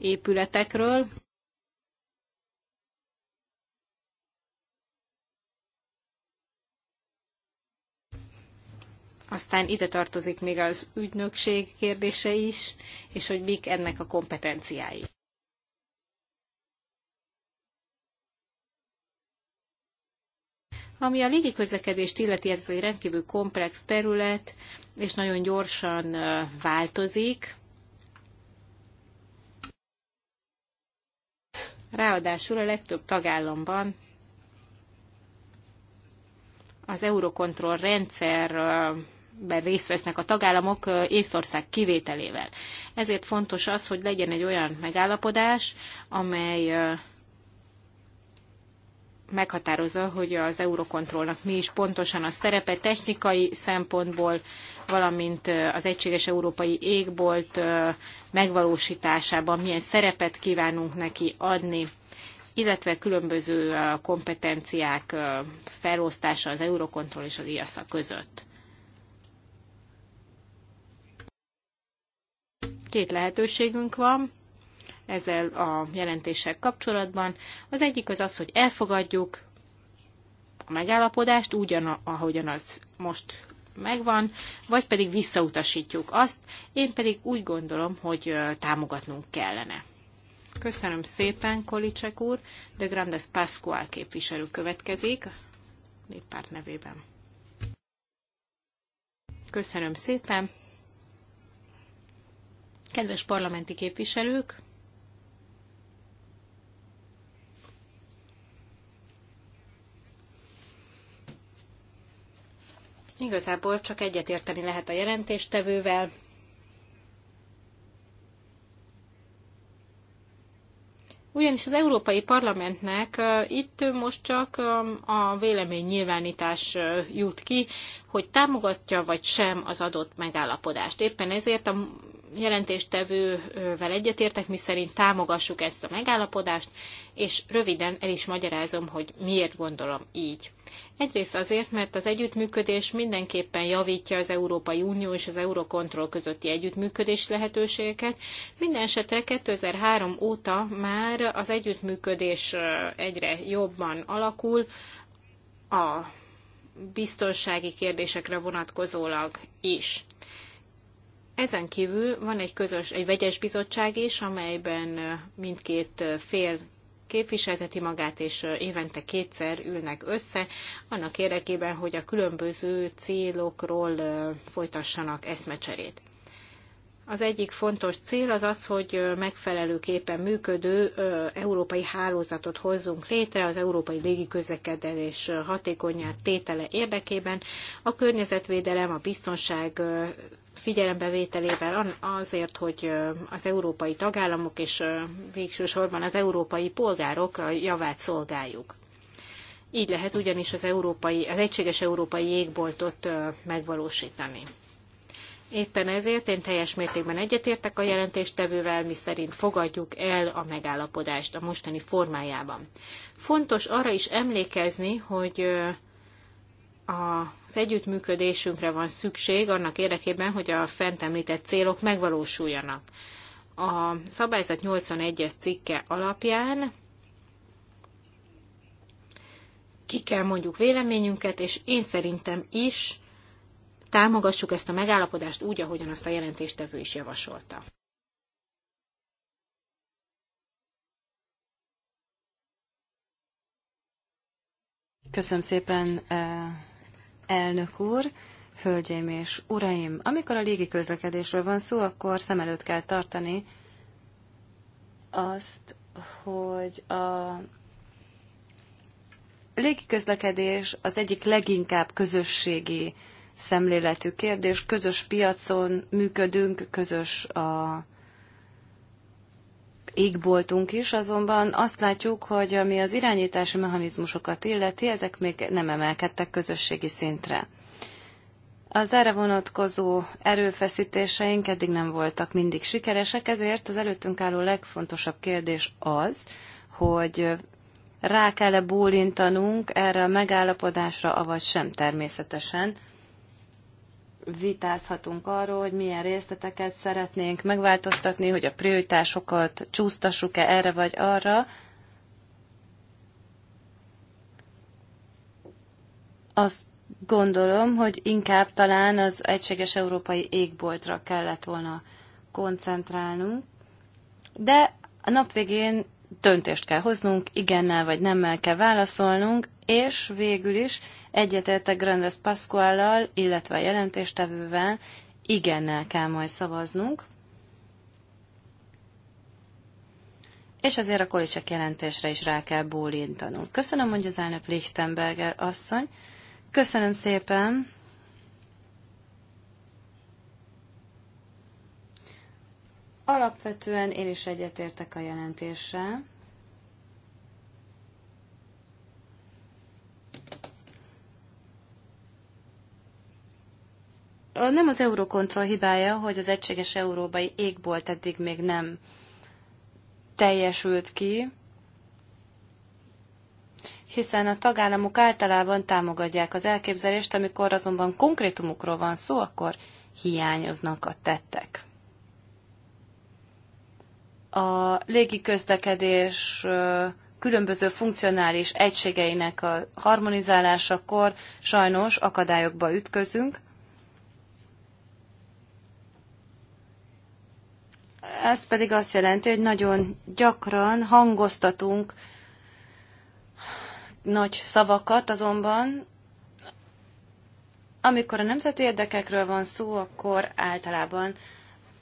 épületekről. Aztán ide tartozik még az ügynökség kérdése is, és hogy mik ennek a kompetenciái. Ami a légiközlekedést illeti, ez egy rendkívül komplex terület, és nagyon gyorsan változik. Ráadásul a legtöbb tagállamban az Eurocontrol rendszerben részt vesznek a tagállamok Észország kivételével. Ezért fontos az, hogy legyen egy olyan megállapodás, amely meghatározza, hogy az Eurokontrollnak mi is pontosan a szerepe technikai szempontból, valamint az egységes európai égbolt megvalósításában milyen szerepet kívánunk neki adni, illetve különböző kompetenciák felosztása az Eurokontroll és az IASZA között. Két lehetőségünk van ezzel a jelentéssel kapcsolatban. Az egyik az az, hogy elfogadjuk a megállapodást úgy, ahogyan az most megvan, vagy pedig visszautasítjuk azt. Én pedig úgy gondolom, hogy támogatnunk kellene. Köszönöm szépen, Kolicsek úr. De Grandes Pascual képviselő következik, néppárt nevében. Köszönöm szépen. Kedves parlamenti képviselők, Igazából csak egyetérteni lehet a jelentéstevővel. Ugyanis az Európai Parlamentnek itt most csak a vélemény nyilvánítás jut ki, hogy támogatja vagy sem az adott megállapodást. Éppen ezért a jelentéstevővel egyetértek, miszerint támogassuk ezt a megállapodást, és röviden el is magyarázom, hogy miért gondolom így. Egyrészt azért, mert az együttműködés mindenképpen javítja az Európai Unió és az Eurocontrol közötti együttműködés lehetőségeket. Minden esetre 2003 óta már az együttműködés egyre jobban alakul, a biztonsági kérdésekre vonatkozólag is. Ezen kívül van egy közös, egy vegyes bizottság is, amelyben mindkét fél képviselteti magát, és évente kétszer ülnek össze, annak érdekében, hogy a különböző célokról folytassanak eszmecserét. Az egyik fontos cél az az, hogy megfelelőképpen működő európai hálózatot hozzunk létre az európai légiközlekedés hatékonyát tétele érdekében. A környezetvédelem, a biztonság figyelembevételével azért, hogy az európai tagállamok és végső sorban az európai polgárok a javát szolgáljuk. Így lehet ugyanis az, európai, az egységes európai jégboltot megvalósítani. Éppen ezért én teljes mértékben egyetértek a jelentéstevővel, mi szerint fogadjuk el a megállapodást a mostani formájában. Fontos arra is emlékezni, hogy az együttműködésünkre van szükség annak érdekében, hogy a fent említett célok megvalósuljanak. A szabályzat 81-es cikke alapján ki kell mondjuk véleményünket, és én szerintem is támogassuk ezt a megállapodást úgy, ahogyan azt a jelentéstevő is javasolta. Köszönöm szépen eh, elnök úr, hölgyeim és uraim! Amikor a légi közlekedésről van szó, akkor szem előtt kell tartani azt, hogy a közlekedés az egyik leginkább közösségi szemléletű kérdés. Közös piacon működünk, közös a égboltunk is, azonban azt látjuk, hogy ami az irányítási mechanizmusokat illeti, ezek még nem emelkedtek közösségi szintre. Az erre vonatkozó erőfeszítéseink eddig nem voltak mindig sikeresek, ezért az előttünk álló legfontosabb kérdés az, hogy rá kell-e bólintanunk erre a megállapodásra, avagy sem természetesen vitázhatunk arról, hogy milyen részleteket szeretnénk megváltoztatni, hogy a prioritásokat csúsztassuk-e erre vagy arra. Azt gondolom, hogy inkább talán az egységes európai égboltra kellett volna koncentrálnunk. De a nap végén döntést kell hoznunk, igennel vagy nemmel kell válaszolnunk, és végül is egyetértek Grandes Pasquallal, illetve a jelentéstevővel, igennel kell majd szavaznunk. És azért a kolicsek jelentésre is rá kell bólintanunk. Köszönöm, hogy az elnök Lichtenberger asszony. Köszönöm szépen. Alapvetően én is egyetértek a jelentéssel. nem az Eurocontrol hibája, hogy az egységes európai égbolt eddig még nem teljesült ki, hiszen a tagállamok általában támogatják az elképzelést, amikor azonban konkrétumukról van szó, akkor hiányoznak a tettek. A légiközlekedés különböző funkcionális egységeinek a harmonizálásakor sajnos akadályokba ütközünk, Ez pedig azt jelenti, hogy nagyon gyakran hangoztatunk nagy szavakat, azonban amikor a nemzeti érdekekről van szó, akkor általában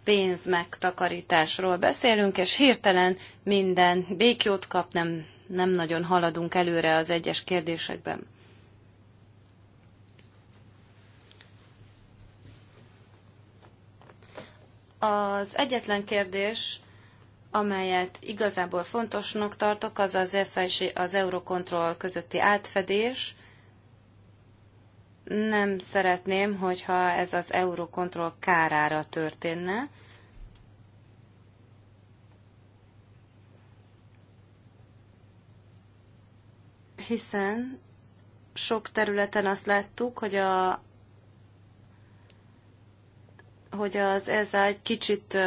pénzmegtakarításról beszélünk, és hirtelen minden békjót kap, nem, nem nagyon haladunk előre az egyes kérdésekben. Az egyetlen kérdés, amelyet igazából fontosnak tartok, az az ESA és az Eurocontrol közötti átfedés. Nem szeretném, hogyha ez az Eurocontrol kárára történne. Hiszen sok területen azt láttuk, hogy a, hogy az ESA egy kicsit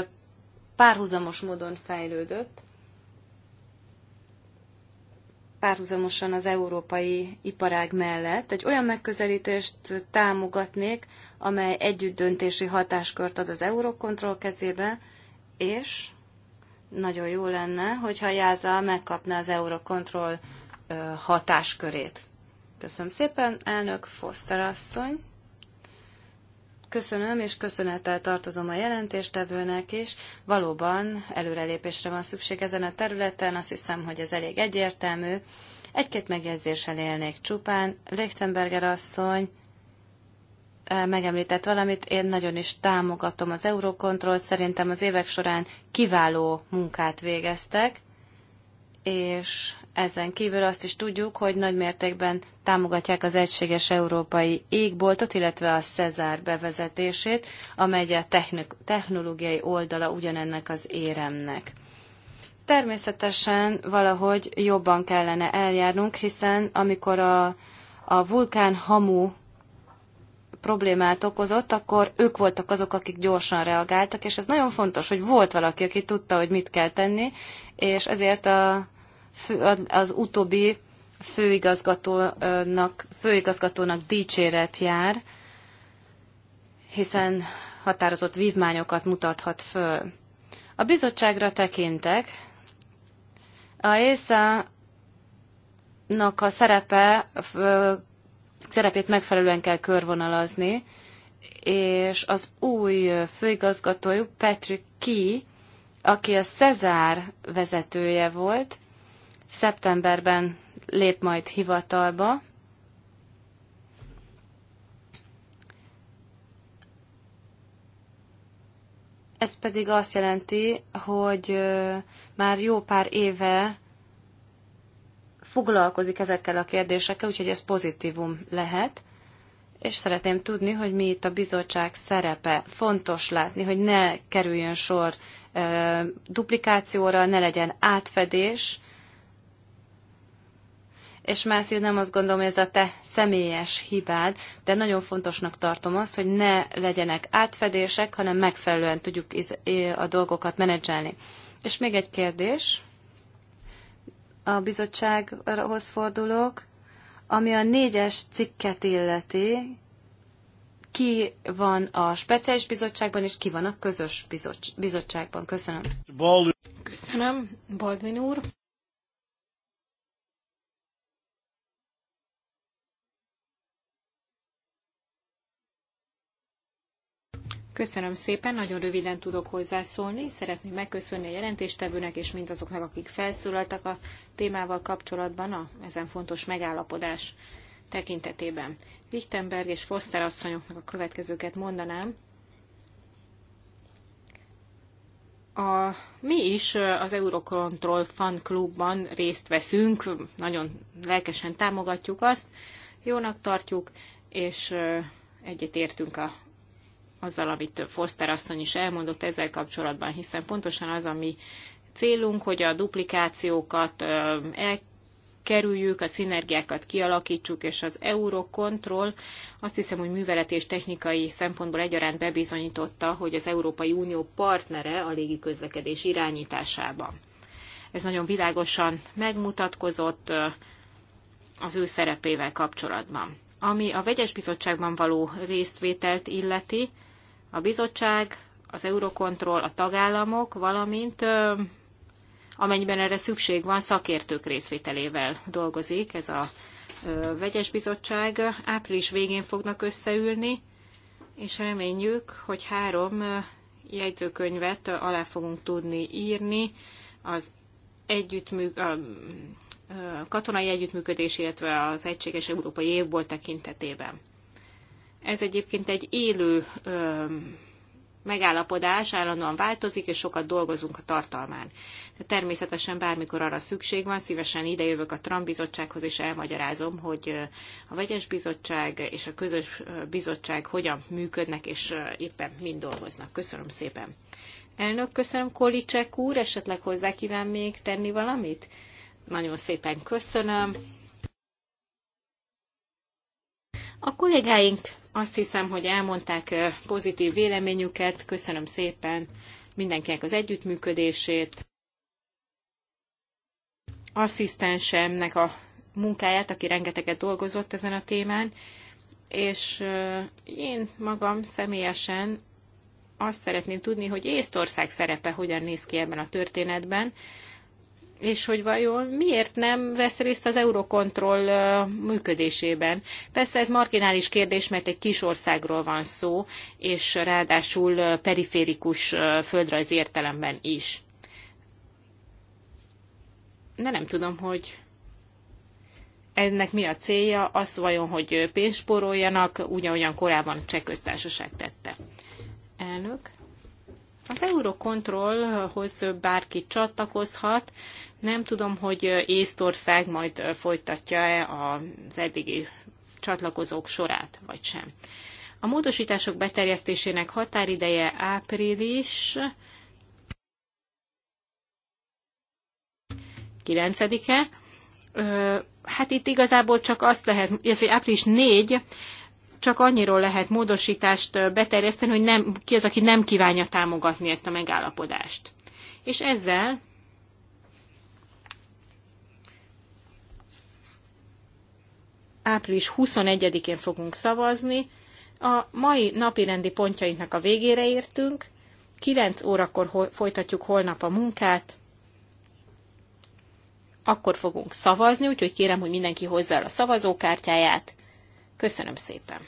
párhuzamos módon fejlődött, párhuzamosan az európai iparág mellett. Egy olyan megközelítést támogatnék, amely együtt döntési hatáskört ad az Eurocontrol kezébe, és nagyon jó lenne, hogyha Jáza e megkapná az Eurocontrol hatáskörét. Köszönöm szépen, elnök Foster asszony. Köszönöm, és köszönettel tartozom a jelentéstevőnek is. Valóban előrelépésre van szükség ezen a területen, azt hiszem, hogy ez elég egyértelmű. Egy-két megjegyzéssel élnék csupán. Lichtenberger asszony eh, megemlített valamit, én nagyon is támogatom az Eurocontrol, szerintem az évek során kiváló munkát végeztek és ezen kívül azt is tudjuk, hogy nagy mértékben támogatják az egységes európai égboltot, illetve a Cezár bevezetését, amely a technológiai oldala ugyanennek az éremnek. Természetesen valahogy jobban kellene eljárnunk, hiszen amikor a, a vulkán hamu problémát okozott, akkor ők voltak azok, akik gyorsan reagáltak, és ez nagyon fontos, hogy volt valaki, aki tudta, hogy mit kell tenni, és ezért a, az utóbbi főigazgatónak, főigazgatónak dicséret jár, hiszen határozott vívmányokat mutathat föl. A bizottságra tekintek. A észa nak a szerepe szerepét megfelelően kell körvonalazni, és az új főigazgatójuk Patrick Key, aki a Cezár vezetője volt, szeptemberben lép majd hivatalba. Ez pedig azt jelenti, hogy már jó pár éve foglalkozik ezekkel a kérdésekkel, úgyhogy ez pozitívum lehet. És szeretném tudni, hogy mi itt a bizottság szerepe. Fontos látni, hogy ne kerüljön sor e, duplikációra, ne legyen átfedés. És Mászi, nem azt gondolom, hogy ez a te személyes hibád, de nagyon fontosnak tartom azt, hogy ne legyenek átfedések, hanem megfelelően tudjuk a dolgokat menedzselni. És még egy kérdés a bizottsághoz fordulok, ami a négyes cikket illeti, ki van a speciális bizottságban, és ki van a közös bizottságban. Köszönöm. Köszönöm, Baldwin úr. Köszönöm szépen, nagyon röviden tudok hozzászólni. Szeretném megköszönni a jelentéstevőnek és mindazoknak, akik felszólaltak a témával kapcsolatban a ezen fontos megállapodás tekintetében. Wichtenberg és Foster asszonyoknak a következőket mondanám. A, mi is az Eurocontrol Fan Clubban részt veszünk, nagyon lelkesen támogatjuk azt, jónak tartjuk, és egyetértünk a azzal, amit Foster asszony is elmondott ezzel kapcsolatban, hiszen pontosan az, ami célunk, hogy a duplikációkat elkerüljük, a szinergiákat kialakítsuk, és az Eurocontrol azt hiszem, hogy művelet és technikai szempontból egyaránt bebizonyította, hogy az Európai Unió partnere a légiközlekedés irányításában. Ez nagyon világosan megmutatkozott az ő szerepével kapcsolatban. Ami a vegyes bizottságban való résztvételt illeti, a bizottság, az Eurocontrol, a tagállamok, valamint amennyiben erre szükség van, szakértők részvételével dolgozik ez a vegyes bizottság. Április végén fognak összeülni, és reményjük, hogy három jegyzőkönyvet alá fogunk tudni írni az együttműk, a katonai együttműködés, illetve az egységes európai évból tekintetében. Ez egyébként egy élő ö, megállapodás, állandóan változik, és sokat dolgozunk a tartalmán. De természetesen bármikor arra szükség van, szívesen idejövök a Trump bizottsághoz, és elmagyarázom, hogy a vegyes bizottság és a közös bizottság hogyan működnek, és éppen mind dolgoznak. Köszönöm szépen. Elnök, köszönöm, Kolicek úr, esetleg hozzá kíván még tenni valamit? Nagyon szépen köszönöm. A kollégáink azt hiszem, hogy elmondták pozitív véleményüket. Köszönöm szépen mindenkinek az együttműködését. Asszisztensemnek a munkáját, aki rengeteget dolgozott ezen a témán, és én magam személyesen azt szeretném tudni, hogy Észtország szerepe hogyan néz ki ebben a történetben, és hogy vajon miért nem vesz részt az Eurocontrol működésében. Persze ez marginális kérdés, mert egy kis országról van szó, és ráadásul periférikus földrajz értelemben is. De nem tudom, hogy ennek mi a célja, az vajon, hogy pénzt spóroljanak, ugyanolyan korábban a cseh köztársaság tette. Elnök. Az Eurocontrolhoz bárki csatlakozhat, nem tudom, hogy Észtország majd folytatja-e az eddigi csatlakozók sorát, vagy sem. A módosítások beterjesztésének határideje április 9-e. Hát itt igazából csak azt lehet, illetve április 4, csak annyiról lehet módosítást beterjeszteni, hogy nem, ki az, aki nem kívánja támogatni ezt a megállapodást. És ezzel április 21-én fogunk szavazni. A mai napi rendi pontjainknak a végére értünk. 9 órakor folytatjuk holnap a munkát. Akkor fogunk szavazni, úgyhogy kérem, hogy mindenki hozza el a szavazókártyáját. Köszönöm szépen!